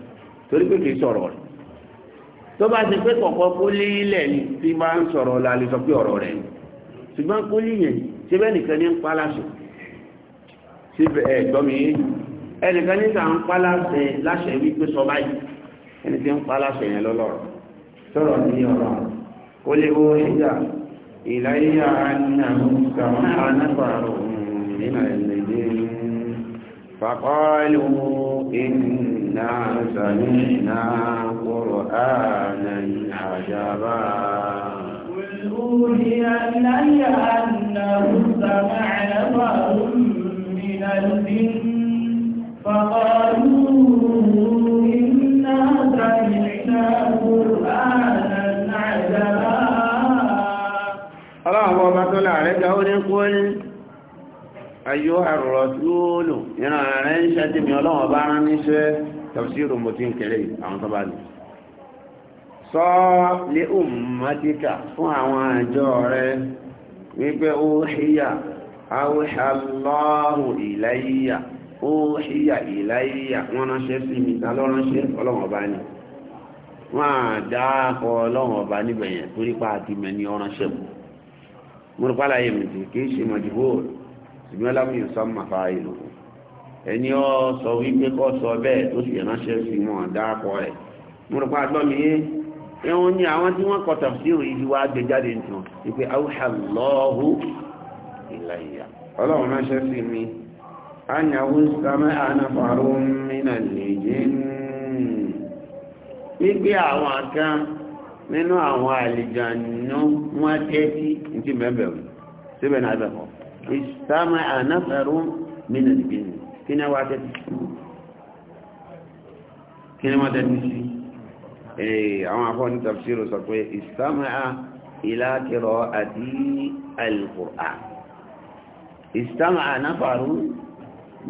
[SPEAKER 1] torí pé kìí sọ̀rọ̀ rẹ̀ tó bá ti pé kọ̀kọ́ kó lílẹ̀ ni tí máa ń sọ̀rọ̀ la lè sọ pé ọ̀rọ̀ rẹ̀ ni ṣùgbọ́n kó líyẹn síbẹ̀ nìkan ní ń pa láṣẹ síbẹ̀ ẹ̀ gbọ́ mi ẹnìkan ní sà ń pa láṣẹ láṣẹ wípé sọ báyìí ẹni tí ń pa yẹn lọ́lọ́rọ̀ sọ̀rọ̀ ní ọ̀rọ̀ kó lè wó ìyá ìláyà ànàmú kàwọn إنا سمعنا قرآنا عجبا قل أوحي إلي أنه سمع نفر من الجن فقالوا إنا سمعنا قرآنا عجبا الله أكبر عليك أولي قل ayó àrọ̀ tóòlù ìran rẹ̀ ń ṣe tèmi ọlọ́wọ̀n bá rán níṣẹ́ tafsiru mo ti ń kéré àwọn tó bá lè sọ lé ummatika fún àwọn àjọ rẹ̀ wípé ó ṣíyà awṣàlọ́hù ìlàyíyà ó ṣíyà ìlàyíyà wọ́n ránṣẹ́ sí mi ta ló ránṣẹ́ ọlọ́wọ̀n bá ní wọ́n á dá akọ ọlọ́wọ̀n bá níbẹ̀ yẹn torípa àti mẹ́ni ọ̀ránṣẹ́ mu mo rò pálá yẹn mi kì í ṣe mọ̀jú ṣùgbọ́n lámì ìsọ́mà fa ìlú ẹni ọ sọ wípé kọ́ sọ bẹ́ẹ̀ tó sì ránṣẹ́ sí wọn dáàpọ̀ rẹ̀ mo rò pa àgbọ́ mi yé ẹ̀wọ̀n ni àwọn tí wọ́n kọ̀tà sí òyìn ti wá gbé jáde nìkan wípé awúhà lọ́ọ̀hù ìlàyà ọlọ́run ránṣẹ́ sí mi ányàwó sàmẹ́ ànàfàró mìnà lèyé wípé àwọn kan nínú àwọn àlìjànú wọn tẹ́tí ní ti mẹ́bẹ̀rún síbẹ̀ náà bẹ̀kọ̀ ìsàmà ànáfẹ̀rú mínà ìgbìyànjú kí ni wọ́n tẹ́tí sí kí ni wọ́n tẹ́tí sí àwọn afọ́ni tafsiru sọ pé ìsàmà ìlà kìrọ̀ àti al-Qur'an ìsàmà ànáfẹ̀rú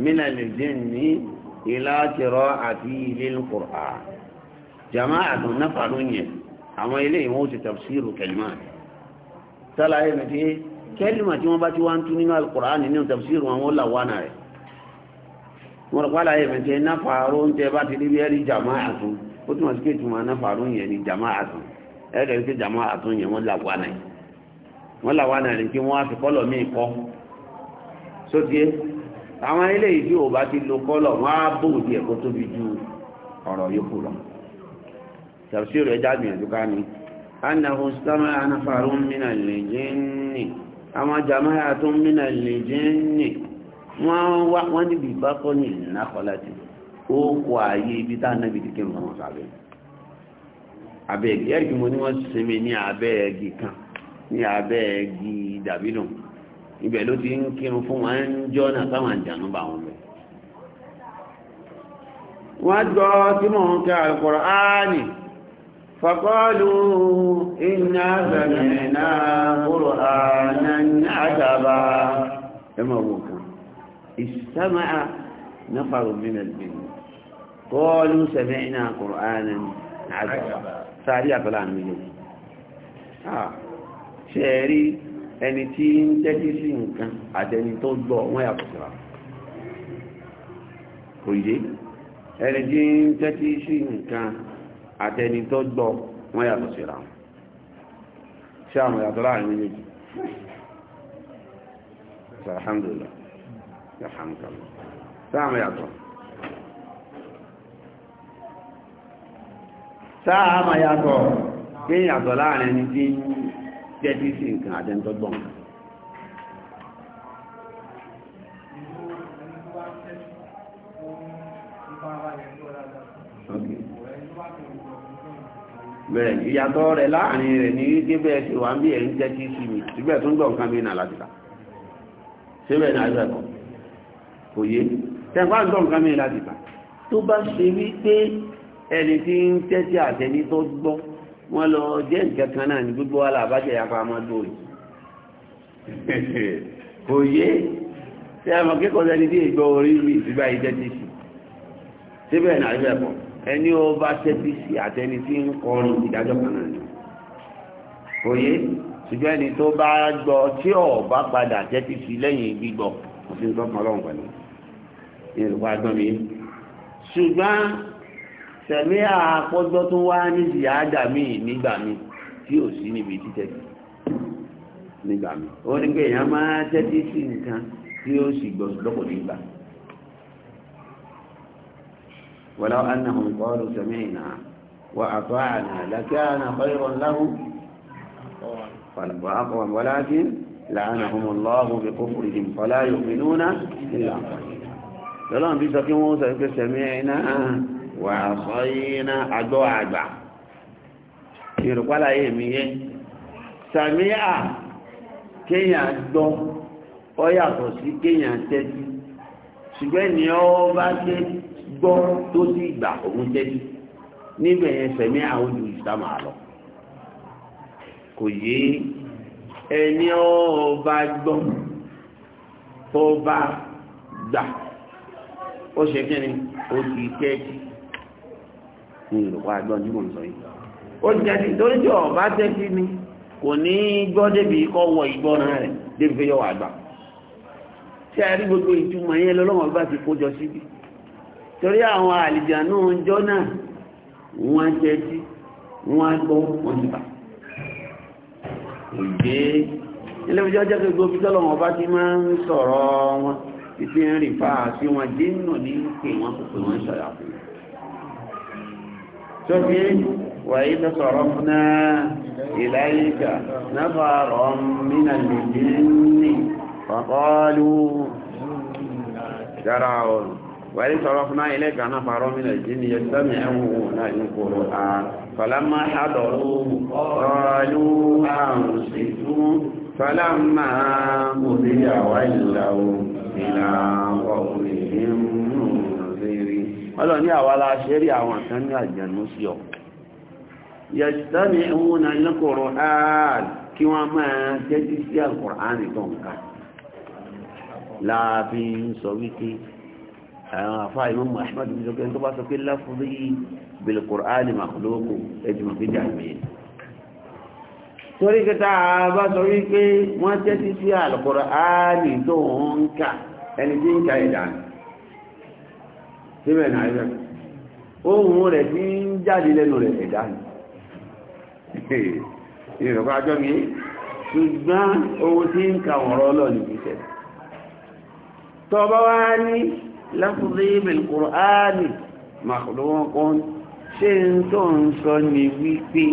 [SPEAKER 1] mínà ìgbìyànjú ìlà kìrọ̀ àti al-Qur'an jama'atu náfẹ̀rú yẹn àwọn ilé ìwọ̀n ti tafsiru kẹlmáà tálàyé nìkí kẹ́lìmà tí wọ́n bá ti wá ń tún nínú alkùránì nínú tafsir wọn wọ́n làwánà rẹ̀ wọ́n rọ̀pálá yẹ̀ mẹ́tẹ́ náfàáró ń tẹ́ bá ti rí bẹ́ẹ̀ rí jàmá àtún ó túnmọ̀ sí kéètù wọn náfàáró yẹn ní jàmá àtún ẹ̀rẹ̀ rí pé jàmá àtún yẹn wọ́n làwánà rẹ̀ wọ́n làwánà rẹ̀ kí wọ́n á fi kọ́lọ̀ míì kọ́ sótíé àwọn eléyìí tí ò bá ti lo kọ́lọ̀ wọ́n àwọn jàmáyà tó ń mìnà lè jẹ́ nì wọ́n níbi ìbákọ́ ní ìnákọ́láti ó kọ ààyè ibi tá náà bìí kí wọ́n sàbẹ̀ abẹ́ẹ̀gì ẹ̀gì mo ní wọ́n sinmi ní abẹ́ẹ̀gì kan ní abẹ́ẹ̀gì dàbílù ibẹ̀ ló ti ń kírun fún wọn ń jọ́ náà táwọn àjànú bá wọn bẹ̀ wọ́n jọ tí ń kẹ́ Al-Kùránì فقالوا إنا سمعنا قرآنا عجبا كما بوكا استمع نفر من الجن قالوا سمعنا قرآنا عجبا ساريا فلان من آه شعري ẹni tí ń tẹ́tí sí nǹkan àtẹni tó gbọ́ wọ́n yàtọ̀ síra kò yé ẹni àtẹni tó gbọ́ wọ́n yàtọ̀ síra wọn ṣé yàtọ̀ láàrin méjèèjì alhamdulillah alhamdulillah ṣé àwọn yàtọ̀ sáà máa yàtọ̀ kí yàtọ̀ láàrin ẹni tí tẹ́tí sí nǹkan àtẹni tó bẹ́ẹ̀ ìyàtọ̀ rẹ̀ láàrin rẹ̀ ní wípé bẹ́ẹ̀ ṣe wà ń bí ẹ̀ ń jẹ́ kí sí mi síbẹ̀ tó ń gbọ́ nǹkan mìíràn láti ta síbẹ̀ ní àjọ ẹ̀kọ́ kò yé tẹ́gbà ń gbọ́ nǹkan mìíràn láti ta tó bá ṣe wípé ẹni tí ń tẹ́tí àtẹni tó gbọ́ wọ́n lọ jẹ́ nǹkan kan náà ní gbogbo wàhálà àbájẹ́ ìyapa ọmọ dòrì <laughs> kò yé ẹni ó bá tẹ́tí sí àtẹni tí ń kọrin ìdájọ́ kan náà ni òye ṣùgbọ́n ẹni tó bá gbọ́ tí ò bá padà tẹ́tí sí lẹ́yìn gbígbọ́ kò sí nǹkan kan lọ́hùn pẹ̀lú ní ìlú wa gbọ́n mi ṣùgbọ́n tẹ̀mí àpọ́jọ́ tó wá ní ìyáàdà mi nígbà mi tí ò sí níbi títẹ́tí nígbà mi ó ní pé èèyàn máa tẹ́tí sí nǹkan tí ó sì gbọ́ lọ́pọ̀ nígbà mi. ولو أنهم قالوا سمعنا وأطاعنا لكان خيرا لهم وأقوم ولكن لعنهم الله بكفرهم فلا يؤمنون إلا قليلا لأن بيسكي موسى سمعنا وعصينا أدو أدع يقول أيمي سمع كي أدو ó yàtọ̀ sí kéèyàn tẹ́tí ṣùgbẹ́ gbọ́ tó sì gbà òun tẹ́tí níbẹ̀ yẹn sẹ̀mí àwọn ojú ìsámà lọ kò yé ẹni ọba gbọ́ tó gbà ó ṣe kí ni ó ti tẹ́tí ní ìrùpá ẹgbọ́n tí mò ń sọ yìí ó ti tẹ́tí torí tí ọba tẹ́tí ni kò ní gbọ́ débi kọ́ wọ ìgbọ́ràn rẹ̀ débi pé yọ wà gbà tí a rí gbogbo ìtumọ̀ yẹn lọ́lọ́mọba ti kó jọ síbi torí àwọn àlìjànú ọjọ́ náà wọ́n jẹ́ tí wọ́n gbọ́ wọ́n ti bà òjé ilé-ìjọ́ jẹ́ gbogbo bí tọ́lọ̀ wọn bá ti máa ń sọ̀rọ̀ wọn títí ń rìn fáà sí wọn dé nù ní pé wọn pè wọn sọ̀rọ̀ fún un tó fi wàyí tó sọ̀rọ̀ fún náà ìlàyíkà náfààrọ̀ mínà lè dín ní fàkọ́lù dára ọ̀rùn وإن صرفنا إليك نفر من الجن يستمعون القرآن فلما حضروه قالوا أنصتوا فلما قضي ولوا إلى قولهم منذرين ọlọ́ni àwọn aláṣẹ́rí àwọn kan ní àjẹ̀nú sí ọ̀ yẹ̀sítẹ́mì ìhun alẹ́kọ̀ọ́rọ̀ ààrẹ kí wọ́n máa jẹ́jú sí àkùrán nìkan ká láàbí ń sọ wípé àwọn àfáà Imam Ahmad bí sọ pé tó bá sọ pé láfúrí bil Qur'an makhluqu ẹjùmọ̀ pé jàmìí torí kẹta bá sọ wípé wọ́n jẹ́ sí sí al-Qur'an tó ń kà ẹni tí ń ka ìdáni síbẹ̀ náà ẹgbẹ̀ ohun rẹ̀ tí ń jáde lẹ́nu rẹ̀ ìdáni ìrọ̀kọ́ ajọ́ mi ṣùgbọ́n ohun tí ń ka ọ̀rọ̀ ọlọ́ọ̀ni ìṣẹ̀ tọba wá ní lafzi bil Qur'ani makhluqun ṣe ń tó ń sọ ní wípé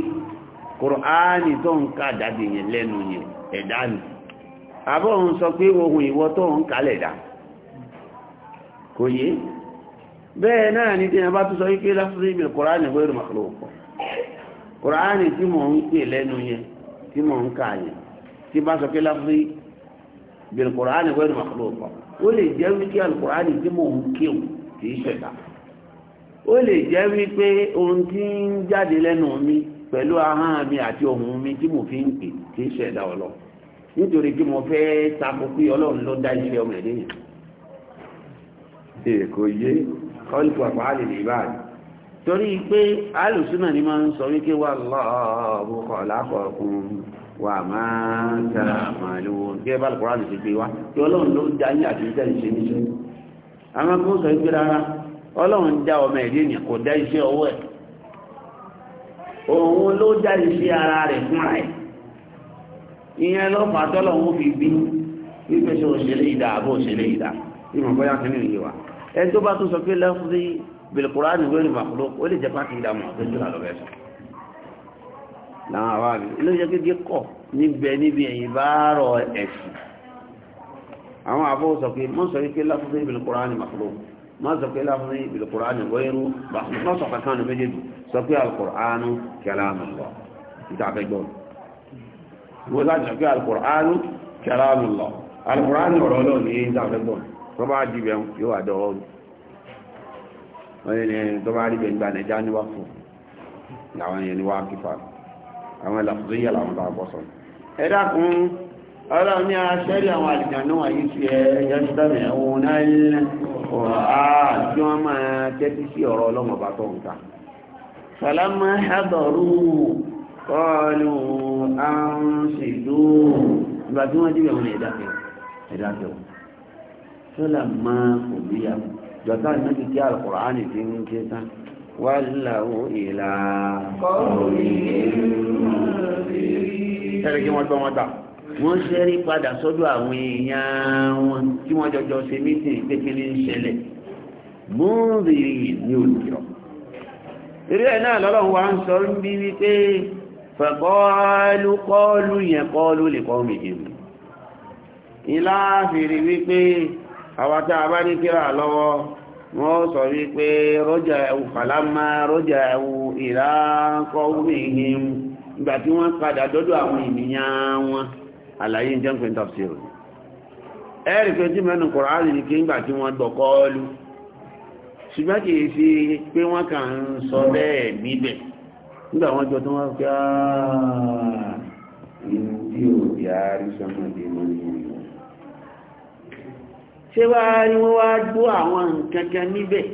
[SPEAKER 1] Kùránì tó ń ká jáde yẹn lẹ́nu yẹn ẹ̀dá ni àbọ̀ ń sọ pé ohun ìwọ tó ń kalẹ̀ dá kò yé bẹ́ẹ̀ náà ní tí a bá tún sọ wípé lafzi bil Qur'ani ghayru makhluq ó lè jẹ́ wípé alukurani tí mò ń kéwù kì í ṣẹ̀dá ó lè jẹ́ wípé ohun tí ń jáde lẹ́nu mi pẹ̀lú ahọ́n mi àti ohun mi tí mo fi ń pè kì í ṣẹ̀dá ọlọ nítorí tí mo fẹ́ tako pé ọlọ́run ló dá iṣẹ́ ọmọ ẹ̀dẹ́ yẹn èkó yé kọ́lùkù àpáàlì lè báyìí torí pé alùsùnà ni máa ń sọ wípé wà lọ́ọ̀ọ́ wà máa ta màlúwo kí ẹ bá lùkọ́ láti gbé wa kí ọlọ́run ló ń da yín àti iṣẹ́ ìṣe níṣẹ́ àwọn akókò sọ pé rárá ọlọ́run dá ọmọ ẹ̀dẹ́ ènìyàn kò dá iṣẹ́ ọwọ́ ẹ̀ òun ló dá iṣẹ́ ara rẹ̀ fúnra ẹ̀ ìyẹn ló fà tọ́lọ́run fi bí wípé ṣe òṣèlè ìdá àbó òṣèlè ìdá ìmọ̀ bóyá kí ni ìyẹwà ẹni tó bá tún sọ pé lẹ́fúrí bìlìkùrá nìwé ni ó lè jẹ́ pàtì ìdààmú àti ìjọba lọ́bẹ̀ẹ́sọ̀ láwọn àwọn àmì ilé jẹ́ kéde kọ̀ níbẹ̀ níbi ẹ̀yìn bá rọ ẹ̀sùn àwọn àbọ̀ sọ pé mọ́ sọ pé láfúnfẹ́ ìbìlì kùránì màkúrò mọ́ sọ pé láfúnfẹ́ ìbìlì kùránì wẹ́rú mọ́ sọ kankan ní méjèèjì sọ pé alukùránù kalamullah ìtàfẹ́ gbọ́ wọ́n láti sọ pé alukùránù kalamullah alukùránì ọ̀rọ̀ náà ní ìtàfẹ́ gbọ́ tó àwọn ìlàfíyà làwọn bá bọ́ sọ ẹ̀dá kún ọlọ́run ní aṣẹ́rí àwọn àlìjànú wáyé sí ẹ yẹ́sítẹ́mẹ̀ ẹ̀wọ̀n náà ọ̀rọ̀ àà tí wọ́n máa tẹ́tí sí ọ̀rọ̀ ọlọ́mọba tó ń ta sàlámà hádọ̀rú kọlu àǹṣìdú ìgbà wàláwò ìlà ẹ̀rẹ̀ kí wọ́n gbọ́ wọn gbà wọ́n ṣẹ́rí padà sọ́dọ̀ àwọn èèyàn wọn tí wọ́n jọjọ ṣe mítìn pékinlẹ̀ ń ṣẹlẹ̀ múrìrì ní olùkọ́ eré ẹ̀ náà lọ́lọ́run wa ń sọ ń bí wípé fẹ̀kọ́ọ́lù kọ́ọ̀lù yẹn kọ́ọ̀lù lè kọ́ méjèèjì ìlà fèrè wípé àwátá abáníkírà lọ́wọ́ wọ́n sọ wípé rọ́jà ẹ̀wù fàlámà rọ́jà ẹ̀wù ìrákọ́ wíhìn ìgbà tí wọ́n padà dọ́dọ̀ àwọn ènìyàn wọn àlàyé jẹ́ pé tafsir ẹ̀rì pé tí mẹ́nu Kùránì ní kí ń gbà tí wọ́n gbọ́kọ́ọ́lù ṣùgbọ́n kìí sí pé wọ́n kàn ń sọ bẹ́ẹ̀ ṣé wá rí wọ́n wá gbọ́ àwọn nǹkan kan níbẹ̀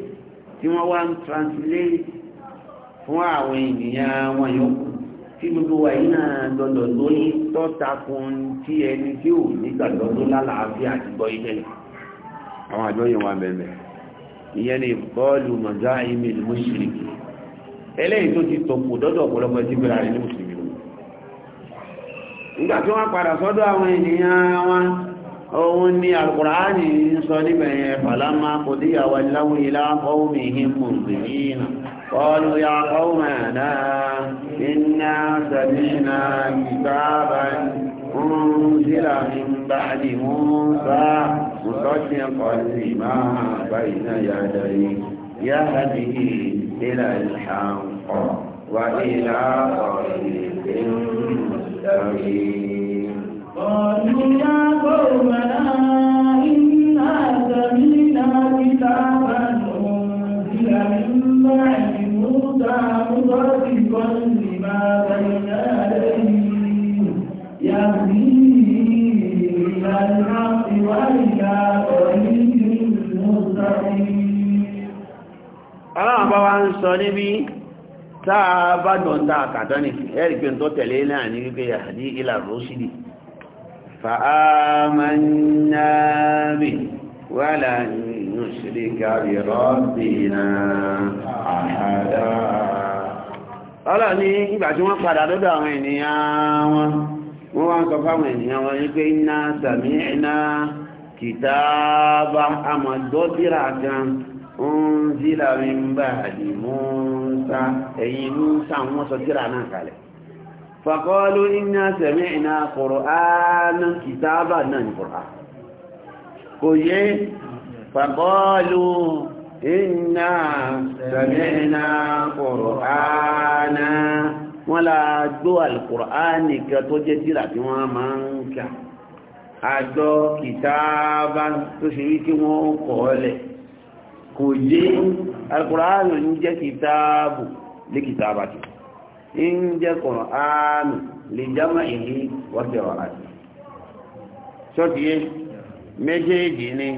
[SPEAKER 1] tí wọ́n wá ń translate fún àwọn ènìyàn wọn yòókù tí gbogbo wa yìí náà gbọdọ̀ lóyún tọ́ta kun tí ẹni tí ò nígbàgbọ́ ló lálàáfíà àti gbọ́ ilé àwọn àjọyìn wa bẹ̀rẹ̀ ìyẹn ni bọ́ọ̀lù mọ̀já ìmìlì mùsùlùmí eléyìí tó ti tòkù dọ́dọ̀ ọ̀pọ̀lọpọ̀ ẹtí gbéra rẹ̀ ní mùsùlùmí nígbà tí wọ́n padà sọ́dọ̀ àwọn ènìyàn wọn òun ni القران ń sọ níbẹ̀ yẹn fàlámà kò dí àwọn ìlàwò قالوا يا قومنا إنا سمعنا كتابا أنزل من بعد موسى مصدقا لما بين يديه يهده إلى الحق وإلى طريق مستقيم قالوا يا قومنا إنا سمينا كتابا أنزل من بعد موسى مصدقا لما بين يديه يهدي إلى الحق وإلى طريق مستقيم Ọlọ́run bá wá ń sọ níbi táa bá dọ̀ntà àkàtọ́ nìsí, ẹ̀rì pé ń tó tẹ̀lé náà ní wípé àdí ìlà rọ́ṣìdì فآمنا به ولن نشرك بربنا أحدا ọlọ́ ní ìgbà tí wọ́n padà lọ́dọ̀ àwọn ènìyàn wọn wọ́n wá ń sọ fáwọn ènìyàn wọn ní pé iná sàmì iná kìtàbà àmọ̀dọ́dìrà kan ń zílà ń bá àdìmúnsá ẹ̀yìn múnsá wọ́n sọ dìrà náà kalẹ̀ fàkọ́lù iná sẹ̀mí iná kùrùánù kìtàbà náà ni kùrùán kò yé fàkọ́lù iná sẹ̀mí iná kùrùánù wọ́n la gbọ́ alkùrùánì kan tó jẹ́ tíra tí wọ́n máa ń kà àjọ kìtàbà tó ṣe wí kí wọ́n kọ́ kò yé alkùrùánù ń jẹ́ kìtàbù lé kìtàbà kìtàbà injekọrọ jẹ́ kọ̀rọ̀ánù lè jámà ìlú wọ́pẹ̀wọ̀ àti ṣọ́tíyé méjèèjì ni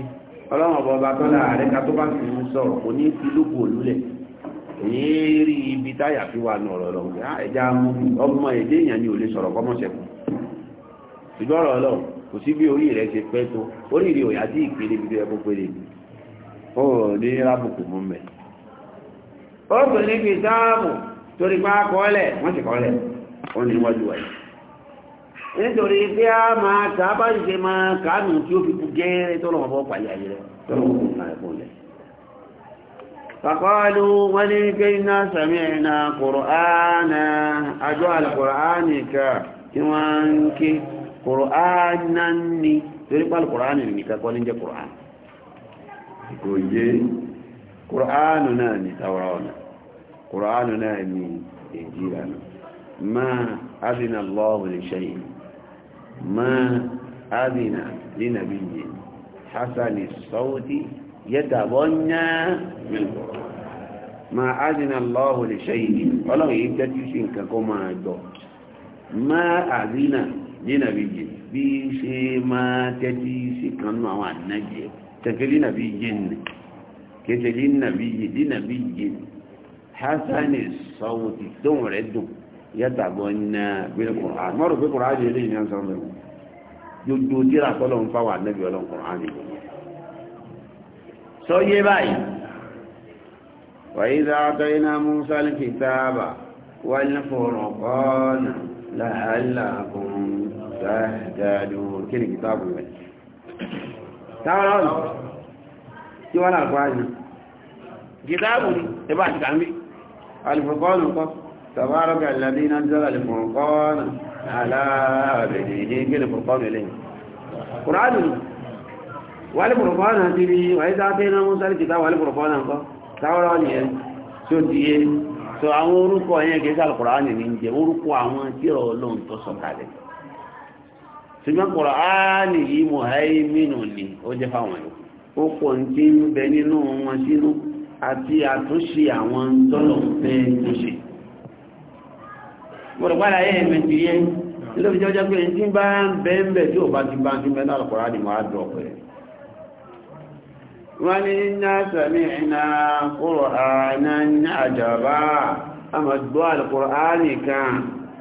[SPEAKER 1] ọlọ́run ọba tó láàrin ká tó bá sì ń ní rí ibi taya fi wà ní ọ̀rọ̀ ọlọ́run ẹja ọmọ ni ò lè sọ̀rọ̀ kọ́mọ̀ṣẹ̀kù bi ori torí pé akọọ́lẹ̀ wọ́n ti kọ́ọ́lẹ̀ ó ní wọ́n jù wáyé nítorí pé a máa ta bá ṣe máa kánù tí ó fi kú gẹ́rẹ́ tó lọ́wọ́ bọ́ pàyà yìí rẹ̀ tó lọ́wọ́ bọ́ pàyà kó lẹ̀. fàkọ́ọ̀lù wọ́n ní pé iná sàmì ẹ̀nà kùrọ̀ánà náà ní tàwọn ọ̀nà kùránù náà ni ìjìlá náà máa adìnà lọ́wọ́ lè ṣe yìí máa adìnà línàbí yìí hasani sọ́wọ́tí yẹ́dàbọ́ nyá mílùkọ̀ọ́ ma adina Allah li shay'in ọlọ́run yìí tẹ́tí sí nǹkan kó máa gbọ́ ma adina nínà bí jẹ bí ṣe máa tẹ́tí sí kan àwọn ànájẹ tẹ̀fẹ́ nínà bí jẹ nì kẹsẹ̀ nínà bí jẹ nínà bí hasani sọ̀wọ́ ti tóun rẹ̀ dùn yàtàbọ̀ ní bílíkùn àmọ́rò pé kùnrin àjẹ́ eléyìí ní ọ̀sán lẹ́wọ̀n gbogbo tíra tọ́lọ̀ ń fáwà nẹ́bí ọlọ́kùnrin àjẹ́ sọ yé báyìí وإذا أعطينا موسى الكتاب والفرقان لعلكم تهتدون كل كتاب من تعالوا تي وانا القران كتاب دي بقى كامل الفرقان القص تبارك الذي نزل الفرقان على عبده كل الفرقان إليه قرآن والفرقان هتبه وإذا أعطينا موسى الكتاب والفرقان القص تعالى لي شو دي so àwọn orúkọ yẹn kìí sáà Kùránì ní jẹ́ orúkọ àwọn tírà Ọlọ́run tó sọ̀kalẹ̀ yìí mọ̀ ẹ́ ni ó jẹ́ fáwọn ẹ̀kọ́ ó pọ̀ ní ti ń bẹ nínú wọn sínú àti àtúnṣe àwọn tọ́lọ̀ tó ṣe gbọ́dọ̀ padà yẹ́ ẹ̀mẹ̀tì ilé ìjọ jẹ́ pé tí bá ń bẹ́ ń bẹ̀ tí ò bá ti bá ń tí mẹ́ta lọ́kọ̀ọ́rá máa dọ̀ pẹ̀ wọ́n ní kúrò ní àjàbá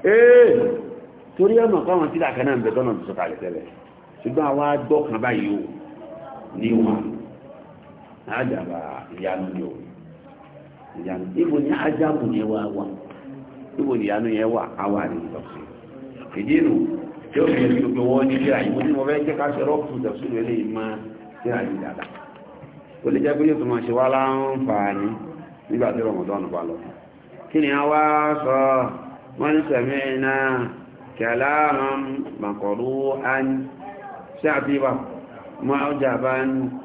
[SPEAKER 1] ee torí ọmọ kọ́wọ́n tí ń bẹ̀ tọ́nà tẹ́lẹ̀ ṣùgbọ́n àjàbà ìyanu ni o ìyanu ibo ni ajabu yẹn wá wà ibo ni ìyanu yẹn wà awà ní ìtọ̀sí ìdí nu tí ó fi ẹni gbogbo wọn ní kíra yìí mo mo fẹ́ jẹ́ ká ṣe rọ́pù ìtọ̀sí rẹ̀ lè máa kíra yìí dáadáa ó lè jẹ́ pé yóò tún máa ṣe wá láǹfààní nígbà tí rọmọdọ́n bá lọ kí ni a wá sọ wọ́n ní sẹ̀mí iná kẹlẹ́rán màkọ̀rú án ṣé àti ibà mọ́ ọjà bá ń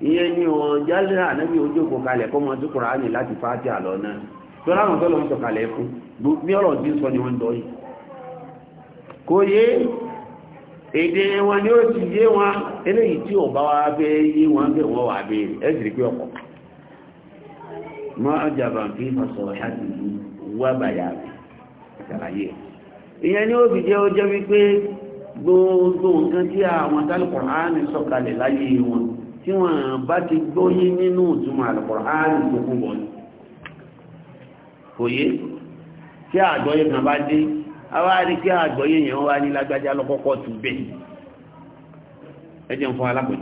[SPEAKER 1] ìyẹn ni wọn jálẹ ànábì ojókò kalẹ̀ kọ́ mọ tó Kùránì láti fàájì àlọ́ náà tó láwọn tó lọ ń sọ kalẹ̀ fún bí ọ̀rọ̀ ń sọ ni wọ́n ń kò yé èdè wọn ni ó ti yé wọn eléyìí tí ọba wa fẹ́ yé wọn fẹ́ wọn wà ẹ sì rí pé ọkọ̀ mọ́ àjàbà fi láti ìyẹn ni ó fi jẹ́ ó gbogbo nǹkan tí àwọn tálùkọ̀ á ní sọ̀kalẹ̀ láyé wọn tí wọ́n bá ti gbóyí nínú ìtumọ̀ àlùkùránì tó kún bọ̀ ní òye tí àgbọ́yé kan bá dé kí àgbọ́yé yẹn wá ní lágbájá lọ́kọ́kọ́ bẹ́ ẹjẹ́ fún kan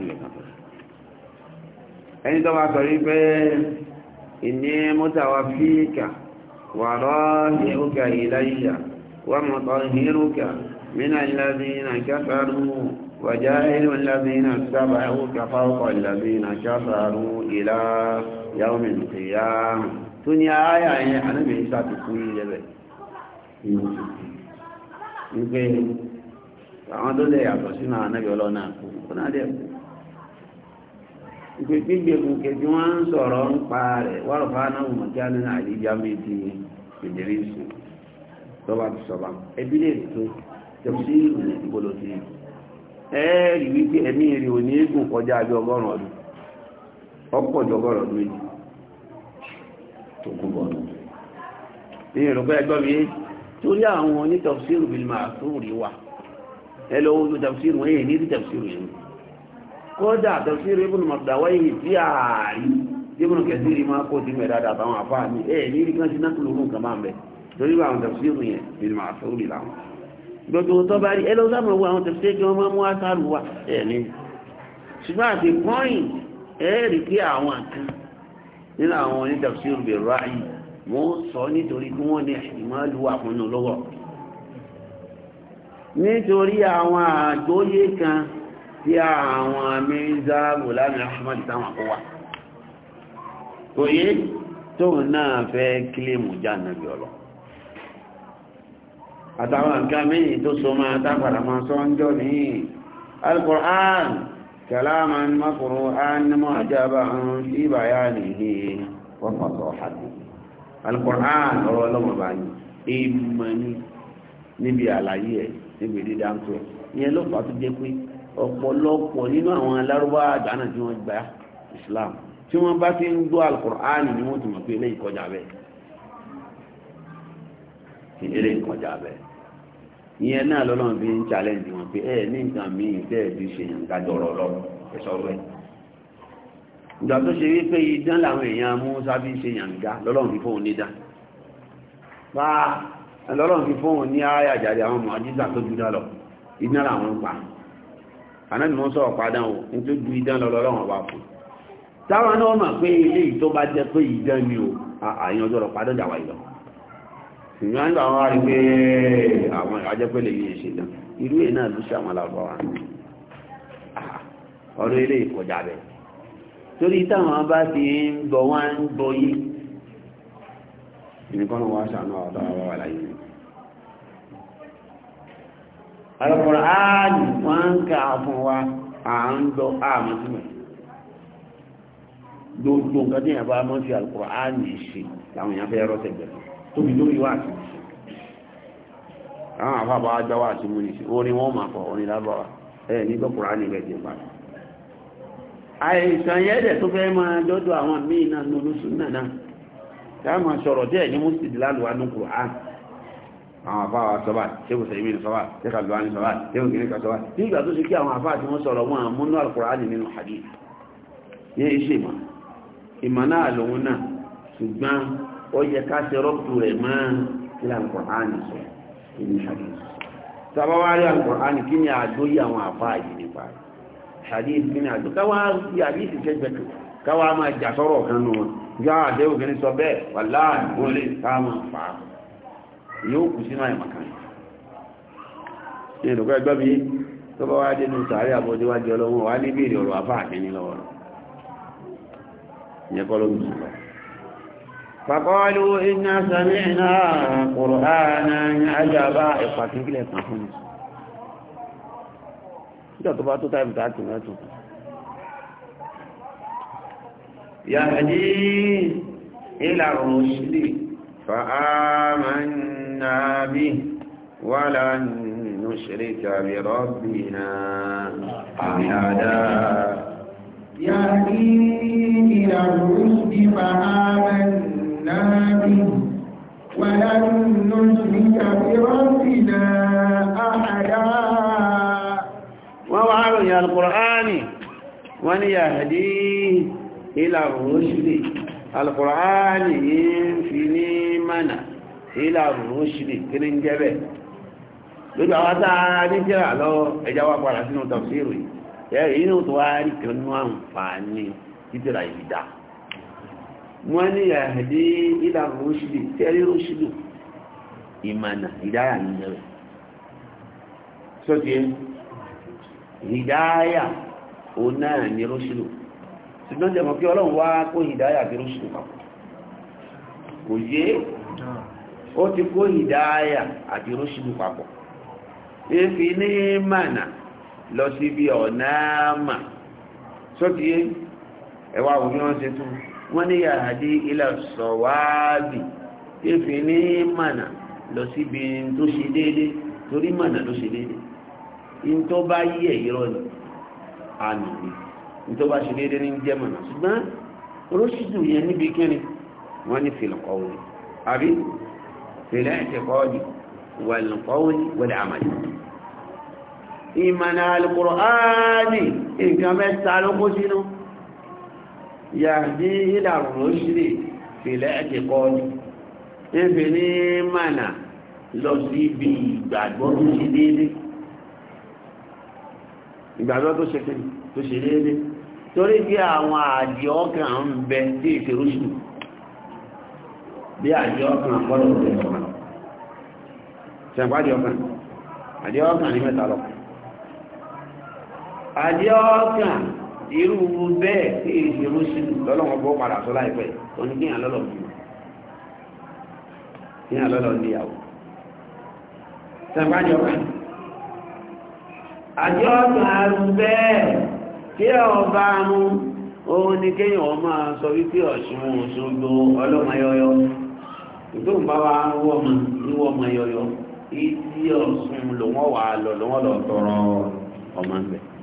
[SPEAKER 1] ẹni tó bá وجاهل الذين اتبعوك فوق الذين كفروا إلى يوم القيامة دنيا آية يعني أنا بيسا تكوي لبي يمكن àwọn tó lè yàtọ̀ sínú ànábì ọlọ́nà kú fún nke kú ìpè gbígbèkùn kejì wọn ń sọ̀rọ̀ ń ẹ̀ẹ́rì wípé ẹ̀mí èrè ò ní égùn kọjá àjọ ọgọ́rùn ọdún ọpọ̀jọ ọgọ́rùn ọdún méjì tó kú bọ̀nù ní ìrọ̀pẹ́ ẹgbọ́n mi torí àwọn onítọ̀síìrù bí máa fún rí wà ẹ lọ wọ́n tọ̀síìrù wọ́n yẹ ní rí tọ̀síìrù yẹn kódà tọ̀síìrù ibùn mọ̀tàwá yìí tí ààrí ibùn kẹsìrì máa kó ti mẹ́ta dàbà àwọn àfáà ní ẹ̀ ní rí kí ti náà gbogbo tó bá rí ẹlọ sáàmù owó àwọn tẹ̀sí kí wọ́n máa mú àtàrù wà ẹ̀ní ṣùgbọ́n àti pọ́ìn ẹ̀ẹ́rì pé àwọn kan nínú àwọn onítàkùsí olùbẹ̀ ráàyè wọ́n sọ nítorí kí wọ́n ní ìmọ̀lú àpọnù lọ́wọ́ nítorí àwọn àjọyé kan tí àwọn amẹ́ríńdà bùlámi ahmed táwọn kó òye tóun náà fẹ́ kílèmù jáde ọlọ́ àtàwọn nǹkan méjì tó so máa tápàdà máa sọ ń jọ ní alkùnrán kẹláàmà ní mọ́kùnrin ánimọ̀ àjábà ń sí ìbáyá nìhe pọ́pọ̀tọ̀ àti alkùnrán ọ̀rọ̀ ọlọ́mọba ní èèmọ̀ ní níbi àlàyé ẹ̀ níbi dídá ń tó ẹ̀ ìyẹn ló fà tó jẹ́ pé ọ̀pọ̀lọpọ̀ nínú àwọn alárúbá àdánà tí wọ́n gba Islam tí wọ́n bá ti ń gbọ́ alkùnrán ni wọ́n ti mọ̀ pé eléyìí kọjá bẹ́ẹ̀ eléyìí kọjá bẹ́ẹ̀ ìyẹn náà lọ́lọ́run fi ń challenge wọn pé ẹ ní nǹkan míì tẹ́ ẹ̀ fi ṣe nǹkan jọ̀rọ̀ lọ ẹ̀ṣọ́ rẹ̀ ìgbà tó ṣe wípé idán làwọn èèyàn mú sábí ṣe yànga lọ́lọ́run fi fóun nídà bá lọ́lọ́run fi fóun ní ayé àjàdé àwọn ọmọ ajísà tó ju dá lọ idán làwọn pa ànábì wọn sọ̀rọ̀ padà o ní tó ju idán lọ lọ́lọ́run ọba fún táwọn náà mọ̀ pé eléyìí tó bá jẹ́ pé idán ni o àyànjọ́ rọ̀ padà jà wáyé lọ́wọ́ ṣùgbọ́n nígbà wọn rí pé àwọn ajẹ́pẹ́lẹ̀ yìí ṣe tán irú ẹ̀ náà ló ṣe àwọn alábọ̀wá ọ̀rọ̀ ilé ìkọjá bẹ̀ torí táwọn bá ti ń bọ̀ wá ń bọ yí ìnìkan náà wá ṣàánú àwọn tó wà láyé alọ́pọ̀rọ̀ áàlù wọ́n ń ká fún wa à ń lọ àmì sílẹ̀ gbogbo nǹkan tí yẹn mọ́ sí alọ́pọ̀rọ̀ áàlù ṣe làwọn èèyàn fẹ́ rọ́ọ̀tẹ̀ tóbi lórí wà sí àwọn àfàbà agbá wà sí múlì sí orin wọ́n máa kọ̀ orin lábàwà ẹ̀ nígbọ́ kùránì rẹ̀ jẹ́ pàtàkì àìsàn yẹ́dẹ̀ tó fẹ́ máa lọ́dọ̀ àwọn míì náà lóṣù náà dáàmà sọ̀rọ̀ díẹ̀ ní mùsùlùmí láluwa ní kùránì àwọn àfáà sọ́bà tẹ́bù sẹ́yìnmí sọ́bà tẹ́kà lọ́wọ́ ní sọ́bà tẹ́bù kìnnìkà sọ́bà nígbà tó ṣe kí àwọn àfáà tí wọ́n sọ̀rọ̀ wọn àmúnú alkùránì nínú hadith ní iṣẹ́ ìmọ̀ ìmọ̀ náà lòun náà ṣùgbọ́n ó yẹ ká ṣe rọ́pù rẹ̀ mọ́ kí alukọ̀ránì sọ kí ni hadith sábàwárí alukọ̀ránì kí ni àdóyè àwọn àfa yìí nípa hadith kí ni àdó káwá sí hadith kẹgbẹ́ kan káwá máa jà sọ́rọ̀ kan nù wọn yá àdéhùn kí ni sọ bẹ́ẹ̀ wà láàrín wọlé káwọn fà á ní lọ́wọ́ ìyẹ́kọ́ ló ń فقالوا إنا سمعنا قرآنا عجبا إخواتين كلا يسمعون إذا طبعتوا طيب تعالتم يهدي إلى الرشد فآمنا به ولن نشرك بربنا أحدا يهدي إلى الرشد فآمنا نار ولن نشرك بربنا أحدا ووعد يا القرآن وأن يهديه إلى الرشد القرآن ينفني منع إلى الرشد كن جبه lórí àwọn sáà ní jẹ́rà lọ ẹjá wà padà sínú tọ̀síìrì ẹ̀ inú tó wá rí kan ní àǹfààní títẹ̀rà ìdá wọ́n ní ẹ̀hẹ̀dẹ́ ìlànà oṣìlì tí ẹ̀rí oṣìlì ìmànà ìdáyà ní ẹ̀rẹ̀ sọ́tí ẹ̀ ìdáyà ò náà ní oṣìlì ṣùgbọ́n jẹ́mọ̀ kí ọlọ́run wá kó ìdáyà bí oṣìlì papọ̀ kò yé ó ti kó ìdáyà àti oṣìlì papọ̀ èéfì ní mànà lọ síbi ọ̀nà mà sọ́tí ẹ̀ ẹ̀wà òun ni wọ́n ṣe tún wọ́n ní yàhàdí ilẹ̀ sọ̀wáàbì kéfì ní mànà lọ síbi tó ṣe déédéé torí mànà ló ṣe déédéé in tó bá yí ẹ̀yọ́ ni àná ni in tó bá ṣe déédéé ní jẹ́ mànà ṣùgbọ́n oríṣìṣù yẹn níbi kíni wọ́n ní fìlọ̀kọ́wọ́lì àbí fìlẹ̀ ẹ̀tẹ̀kọ́ọ̀lì wàlùkọ́wọ́lì wàlẹ̀ àmàlì ìmànà alukùrọ̀ áàdì nǹkan mẹ́ta ló kó sínú yàdí ìdàrúnlóṣìlè fìlẹ̀ ẹ̀kẹ́ kọ́ọ̀dù ebi ní mànà lọ sí ibi ìgbàgbọ́ tó ṣe déédéé ìgbàgbọ́ tó ṣe tó ṣe torí bí àwọn àjẹ́ ọkàn ń bẹ tí ìṣerúṣù bí àjẹ́ ọkàn àpọ́lọ̀ tó ṣe ọkàn ṣẹ̀pá ọkàn ọkàn ní mẹ́ta lọ irú bẹ́ẹ̀ tí ìṣirò sí lọ́lọ́wọ́ bọ́ padà sọ láìpẹ́ òní kí hàn lọ́lọ́ bí kí hàn lọ́lọ́ níyàwó sẹ́fà jọba àjọ àrùn bẹ́ẹ̀ kí ọba mú òun ni kéèyàn máa sọ wípé ọ̀ṣun òṣogbo ọlọ́mọyọyọ ìgbó ń bá wa wọ́ ọmọ níwọ́ ọmọyọyọ ìdí ọ̀ṣun lòun wà lọ lòun lọ tọrọ ọmọ ń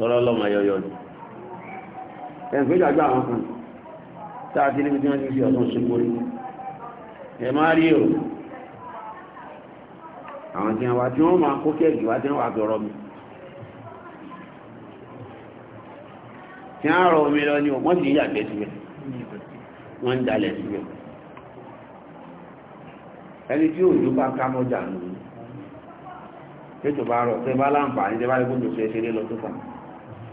[SPEAKER 1] tọ́rọ lọ́mọ yọyọ ni ẹ̀fẹ́ ìgbàgbà àwọn kan tá a ti níbi tí wọ́n ti fi ọ̀tún ṣubú rí ẹ máa rí o àwọn tí wọ́n tí wọ́n máa kó kẹ́ẹ̀kì wá tí wọ́n wà tọrọ mi tí wọ́n rọ omi lọ ní wọ́n sì ń yàgbẹ́ síbẹ̀ wọ́n ń dalẹ̀ síbẹ̀ ẹni tí òjò bá ká mọ́jà nù ní tó bá rọ̀ tẹ́ bá láǹfààní tẹ́ bá rí kó tó ṣe ṣeré lọ tó fà á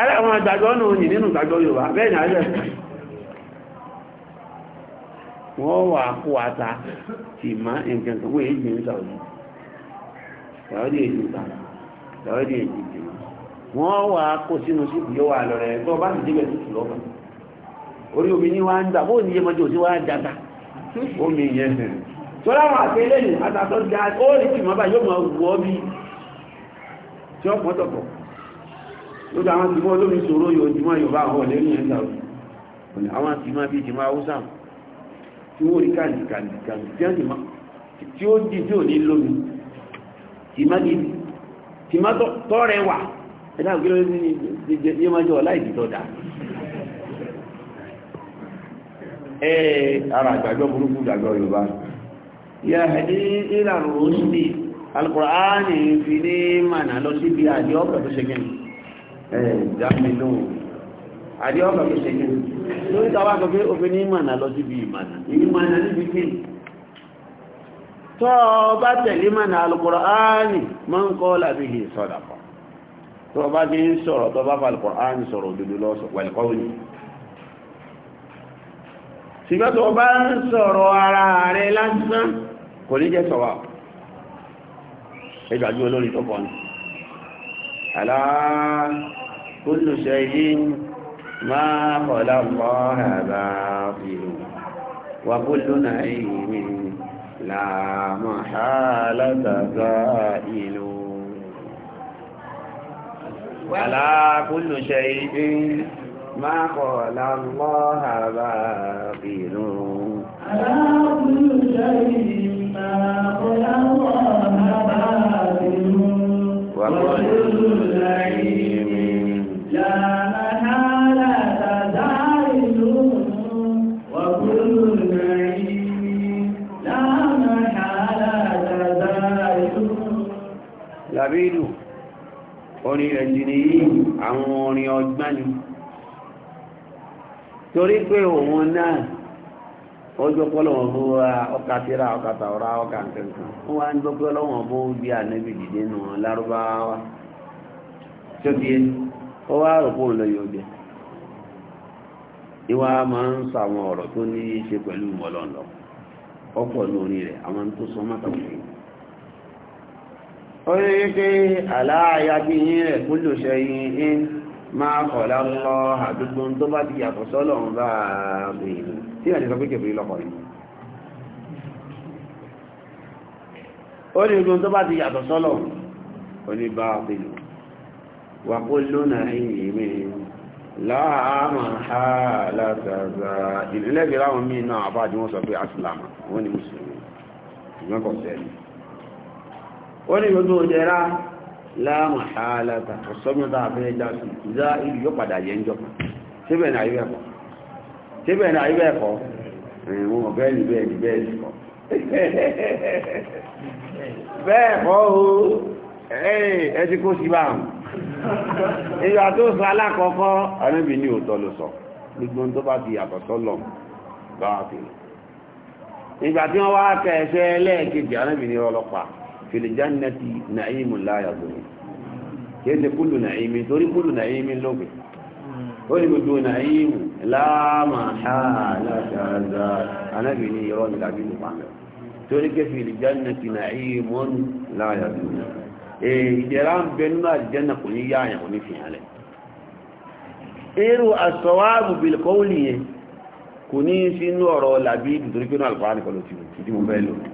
[SPEAKER 1] ara àwọn ìgbàgbọ́ nù yìí nínú ìgbàgbọ́ Yorùbá bẹ́ẹ̀ ni àjẹ́ wọ́n wà kó ata tì má nǹkan kan wọ́n èyí ní Saudi Saudi èyí ní Saudi Saudi èyí ní wọ́n wà kó sínú sí yóò wà lọ rẹ̀ omi jata omi yẹn ó bá yóò máa lórí àwọn tìmọ́ olómi ṣòro yóò jùmọ́ yorùbá àwọn ọ̀lẹ́ ní ẹ̀ta òní àwọn tìmọ́ bíi tìmọ́ haúsá tí wọ́n rí kàǹdì kàǹdì kàǹdì tí wọ́n ti mọ́ tí ó di tí ò ní lómi tìmọ́ gidi tìmọ́ tọ́rẹ̀ wà ẹ̀dá òkèlè ní ìjẹ́ máa jọ láì dìtọ́ dà ẹ̀ ara àgbàjọ burúkú dàgbà yorùbá yà ẹ̀dí ìlànà òṣìlì alukùránì fi ní mànà lọ síbi àjọ ọ̀pẹ̀ tó ṣe gẹ̀ẹ́ ìdámi lóhùn àdé ọkọ̀ mi ṣe kí lórí tàwa sọ pé obìnrin ìmọ̀nà lọ síbi ìmọ̀nà ìmọ̀nà níbi kí tọ́ ọba tẹ̀lé mọ̀nà alukùránì máa ń kọ́ làbí hì sọ́dàpọ̀ tọ́ ọba ti ń sọ̀rọ̀ tọ́ bá falùkùránì sọ̀rọ̀ ألا كل شيء ما خلى الله باطل وكل نعيم لا محالة زائل ألا كل شيء ما خلى الله باطل tẹ̀sìrì yìí àwọn orin ọgbọ́n ni torí pé òun náà ọjọ́ pọ́ lọ́wọ́ bó wa ọkà tíra ọkà tàwọ́rá ọkà nkankan wọ́n wá ń gbọ́ pé lọ́wọ́ bó bí dìde nù lárúbáwá ó wá ìwà máa ń sọ àwọn ọ̀rọ̀ tó ní í ṣe pẹ̀lú ọ̀pọ̀ lórí orí wípé aláàyà bí yí rẹ̀ kúlò ṣẹyìn in máa kọ̀lá lọ àdúgbò tó bá ti yàtọ̀ sọ́lọ̀ ń bá bèèrè tí wà ní sọ pé kèbèrè lọ́kọ̀ rẹ̀ ó ní gbogbo tó bá ti yàtọ̀ sọ́lọ̀ ó ní bá bèèrè wà kó lónà láàmà ha látàzà ìlúlẹ́gbẹ̀rẹ̀ àwọn náà àbájú sọ pé asìlámà wọn ni mùsùlùmí ìgbẹ́kọ̀ sẹ́yìn ó ní gbogbo òjẹ́ra láàmù àálàtà ọ̀sọ́mọ́ta àfẹ́ẹjá sí ìzá ìlú yóò padà yẹ ń jọ síbẹ̀ ní àyíbẹ̀ẹ̀kọ́ síbẹ̀ ní àyíbẹ̀ẹ̀kọ́ ìwọ̀n bẹ́ẹ̀ni bẹ́ẹ̀ni bẹ́ẹ̀ni kọ́ <laughs> bẹ́ẹ̀kọ́ o ẹ̀ẹ́sì kó sí báhùn ìyà tó sọ alákọ̀ọ́kọ́ arẹ́bì ní òtọ́ ló sọ gbogbo tó bá ti yàtọ̀ sọ́lọ̀ bá ìgbà tí wọ́n wá kẹ́ ẹ̀ṣẹ́ ẹlẹ́ẹ̀kejì ní ọlọ́pàá fìlìjánẹ́tì nàímù láyàgbòrò kìí ṣe kúlù nàímì torí kúlù nàímì lóbi ó ní gbogbo nàímù láàmà aláṣàzà anábì ní irọ́ ní tàbí lùpá torí kí fìlìjánẹ́tì nàímù láyàgbòrò ìjẹ́ra ń bẹ nínú àjẹ́nà kò ní yá àyàn kò ní fi hàn lẹ̀ irú àsọwáàbù bìlkọ́wùlì yẹn kò ní sínú ọ̀rọ̀ làbí ìdìtorí pé náà alùpàá nìkan ti wù ìdí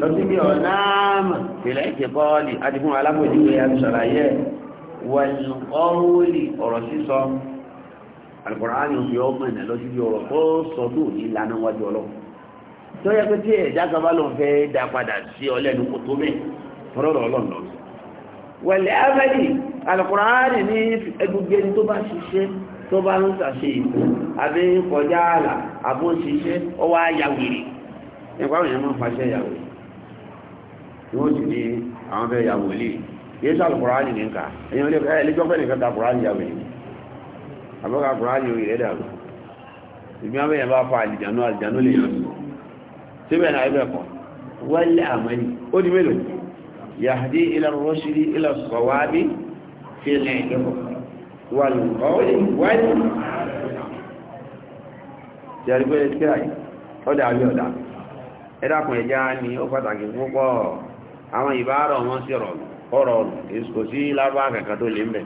[SPEAKER 1] lọ sí bí ọ̀nàmà ìlẹ̀ ìjẹ bọ́ọ̀lì adìgún alábòjúwé àṣàlàyé wẹ̀lùkọ́wòlì ọ̀rọ̀ sísọ alùpùránì omi ọmọ ìnà lọ sí bí ọ̀rọ̀ tó sọ tó ní ìlànà wájú ọlọ́run tó yẹ pé tí ẹ̀dá kan bá lòun fẹ́ dá padà sí ọlẹ́nu kò tó mẹ́ fọ́rọ̀rọ̀ wẹ̀lẹ̀ abẹ́lì alùpùránì ní ẹgbẹ̀gbẹ̀ tó bá ṣiṣẹ́ tó bá ń ṣàṣe ìbò àbí kọjá àlà àbó ṣiṣẹ́ ọwọ́ ayàwèrè nípa òyìnbó fàṣẹ yóò sì ní àwọn fẹ́ ya wòlíì yé sàlù kùránì ní nǹka èyàn lè fẹ́ ẹlẹ́jọ́ fẹ́ nìkan ta kùránì ya wòlíì àbọ́ka kùránì òye rẹ̀ dàrú ìgbìmọ̀ abẹ́ yẹn bá fa àlìjànú àlìjànú lè yàn síbẹ̀ náà ẹgbẹ́ kan wálé àmọ́ni ó di mélòó yàdí ilẹ̀ rọ́ṣìlì ilẹ̀ sọ̀wábí fi lẹ̀ ẹ̀kọ́ wàlùkọ́wé wáyé jẹ́rí ẹ̀já ni ó pàtàkì púpọ̀ àwọn ìbára wọn sí ọ̀rọ̀ ìsìkò sí lábá kankan tó lè ń bẹ̀.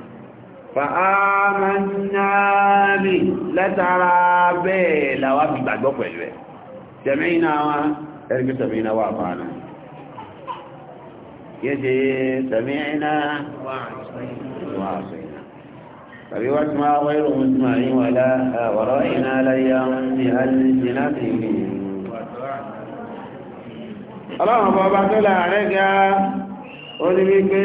[SPEAKER 1] fa'amannari látara bẹ́ẹ̀ làwá fi gbàgbọ́ pẹ̀lú ẹ̀ tẹ̀mẹ́yìnà wa ẹ̀rẹ́gbẹ́ tẹ̀mẹ́yìnà wà fàánà yẹ́sẹ̀ tẹ̀mẹ́yìnà wà àṣẹ́yìnà tàbí wá tí máa wáyé ọlọ́run bọba tó láàrẹ́ ga ó ní wípé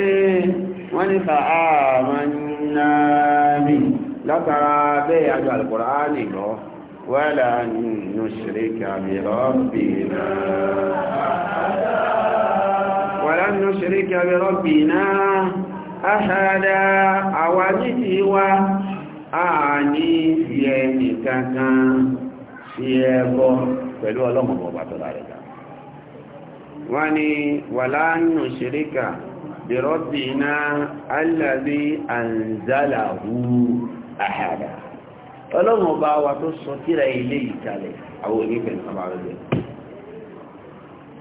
[SPEAKER 1] wọ́n ní fa àmànàbì látara bẹ́ẹ̀ àjọ Al-Qur'ani lọ wala nushrika bi rabbina wala nushrika àní fi ẹnì kankan fi ẹbọ pẹ̀lú ọlọ́run bọba tó láàrẹ́ wọ́n ni wàlá nù ṣeríkà bí rọ́bì iná alàbí àǹzálàhù àhàdà ọlọ́run ọba wa tó sọ tíra ilé ìkàlẹ̀ àwọn onífẹ̀ẹ́ sábà rẹ̀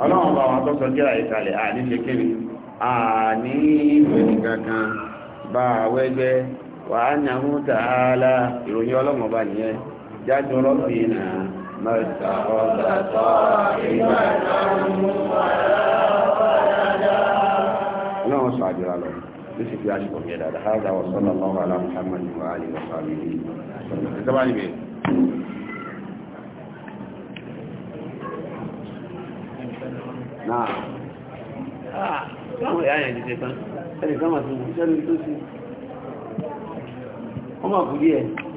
[SPEAKER 1] ọlọ́run ọba wa tó sọ tíra ìkàlẹ̀ àní ṣe kéré àní ìwẹ̀ni ما اتخذ صاحبة ولا ولدا اللهم صل على محمد lóṣù fi aṣọ ọ̀gẹ̀ dada haza wa sallallahu ala muhammadu wa ali wa sahbihi ìjọba níbi náà láwọn ìyá yẹn jẹ́ tán ẹni ká máa tún mú iṣẹ́ lórí tó sí ọmọ àkúrí ẹ̀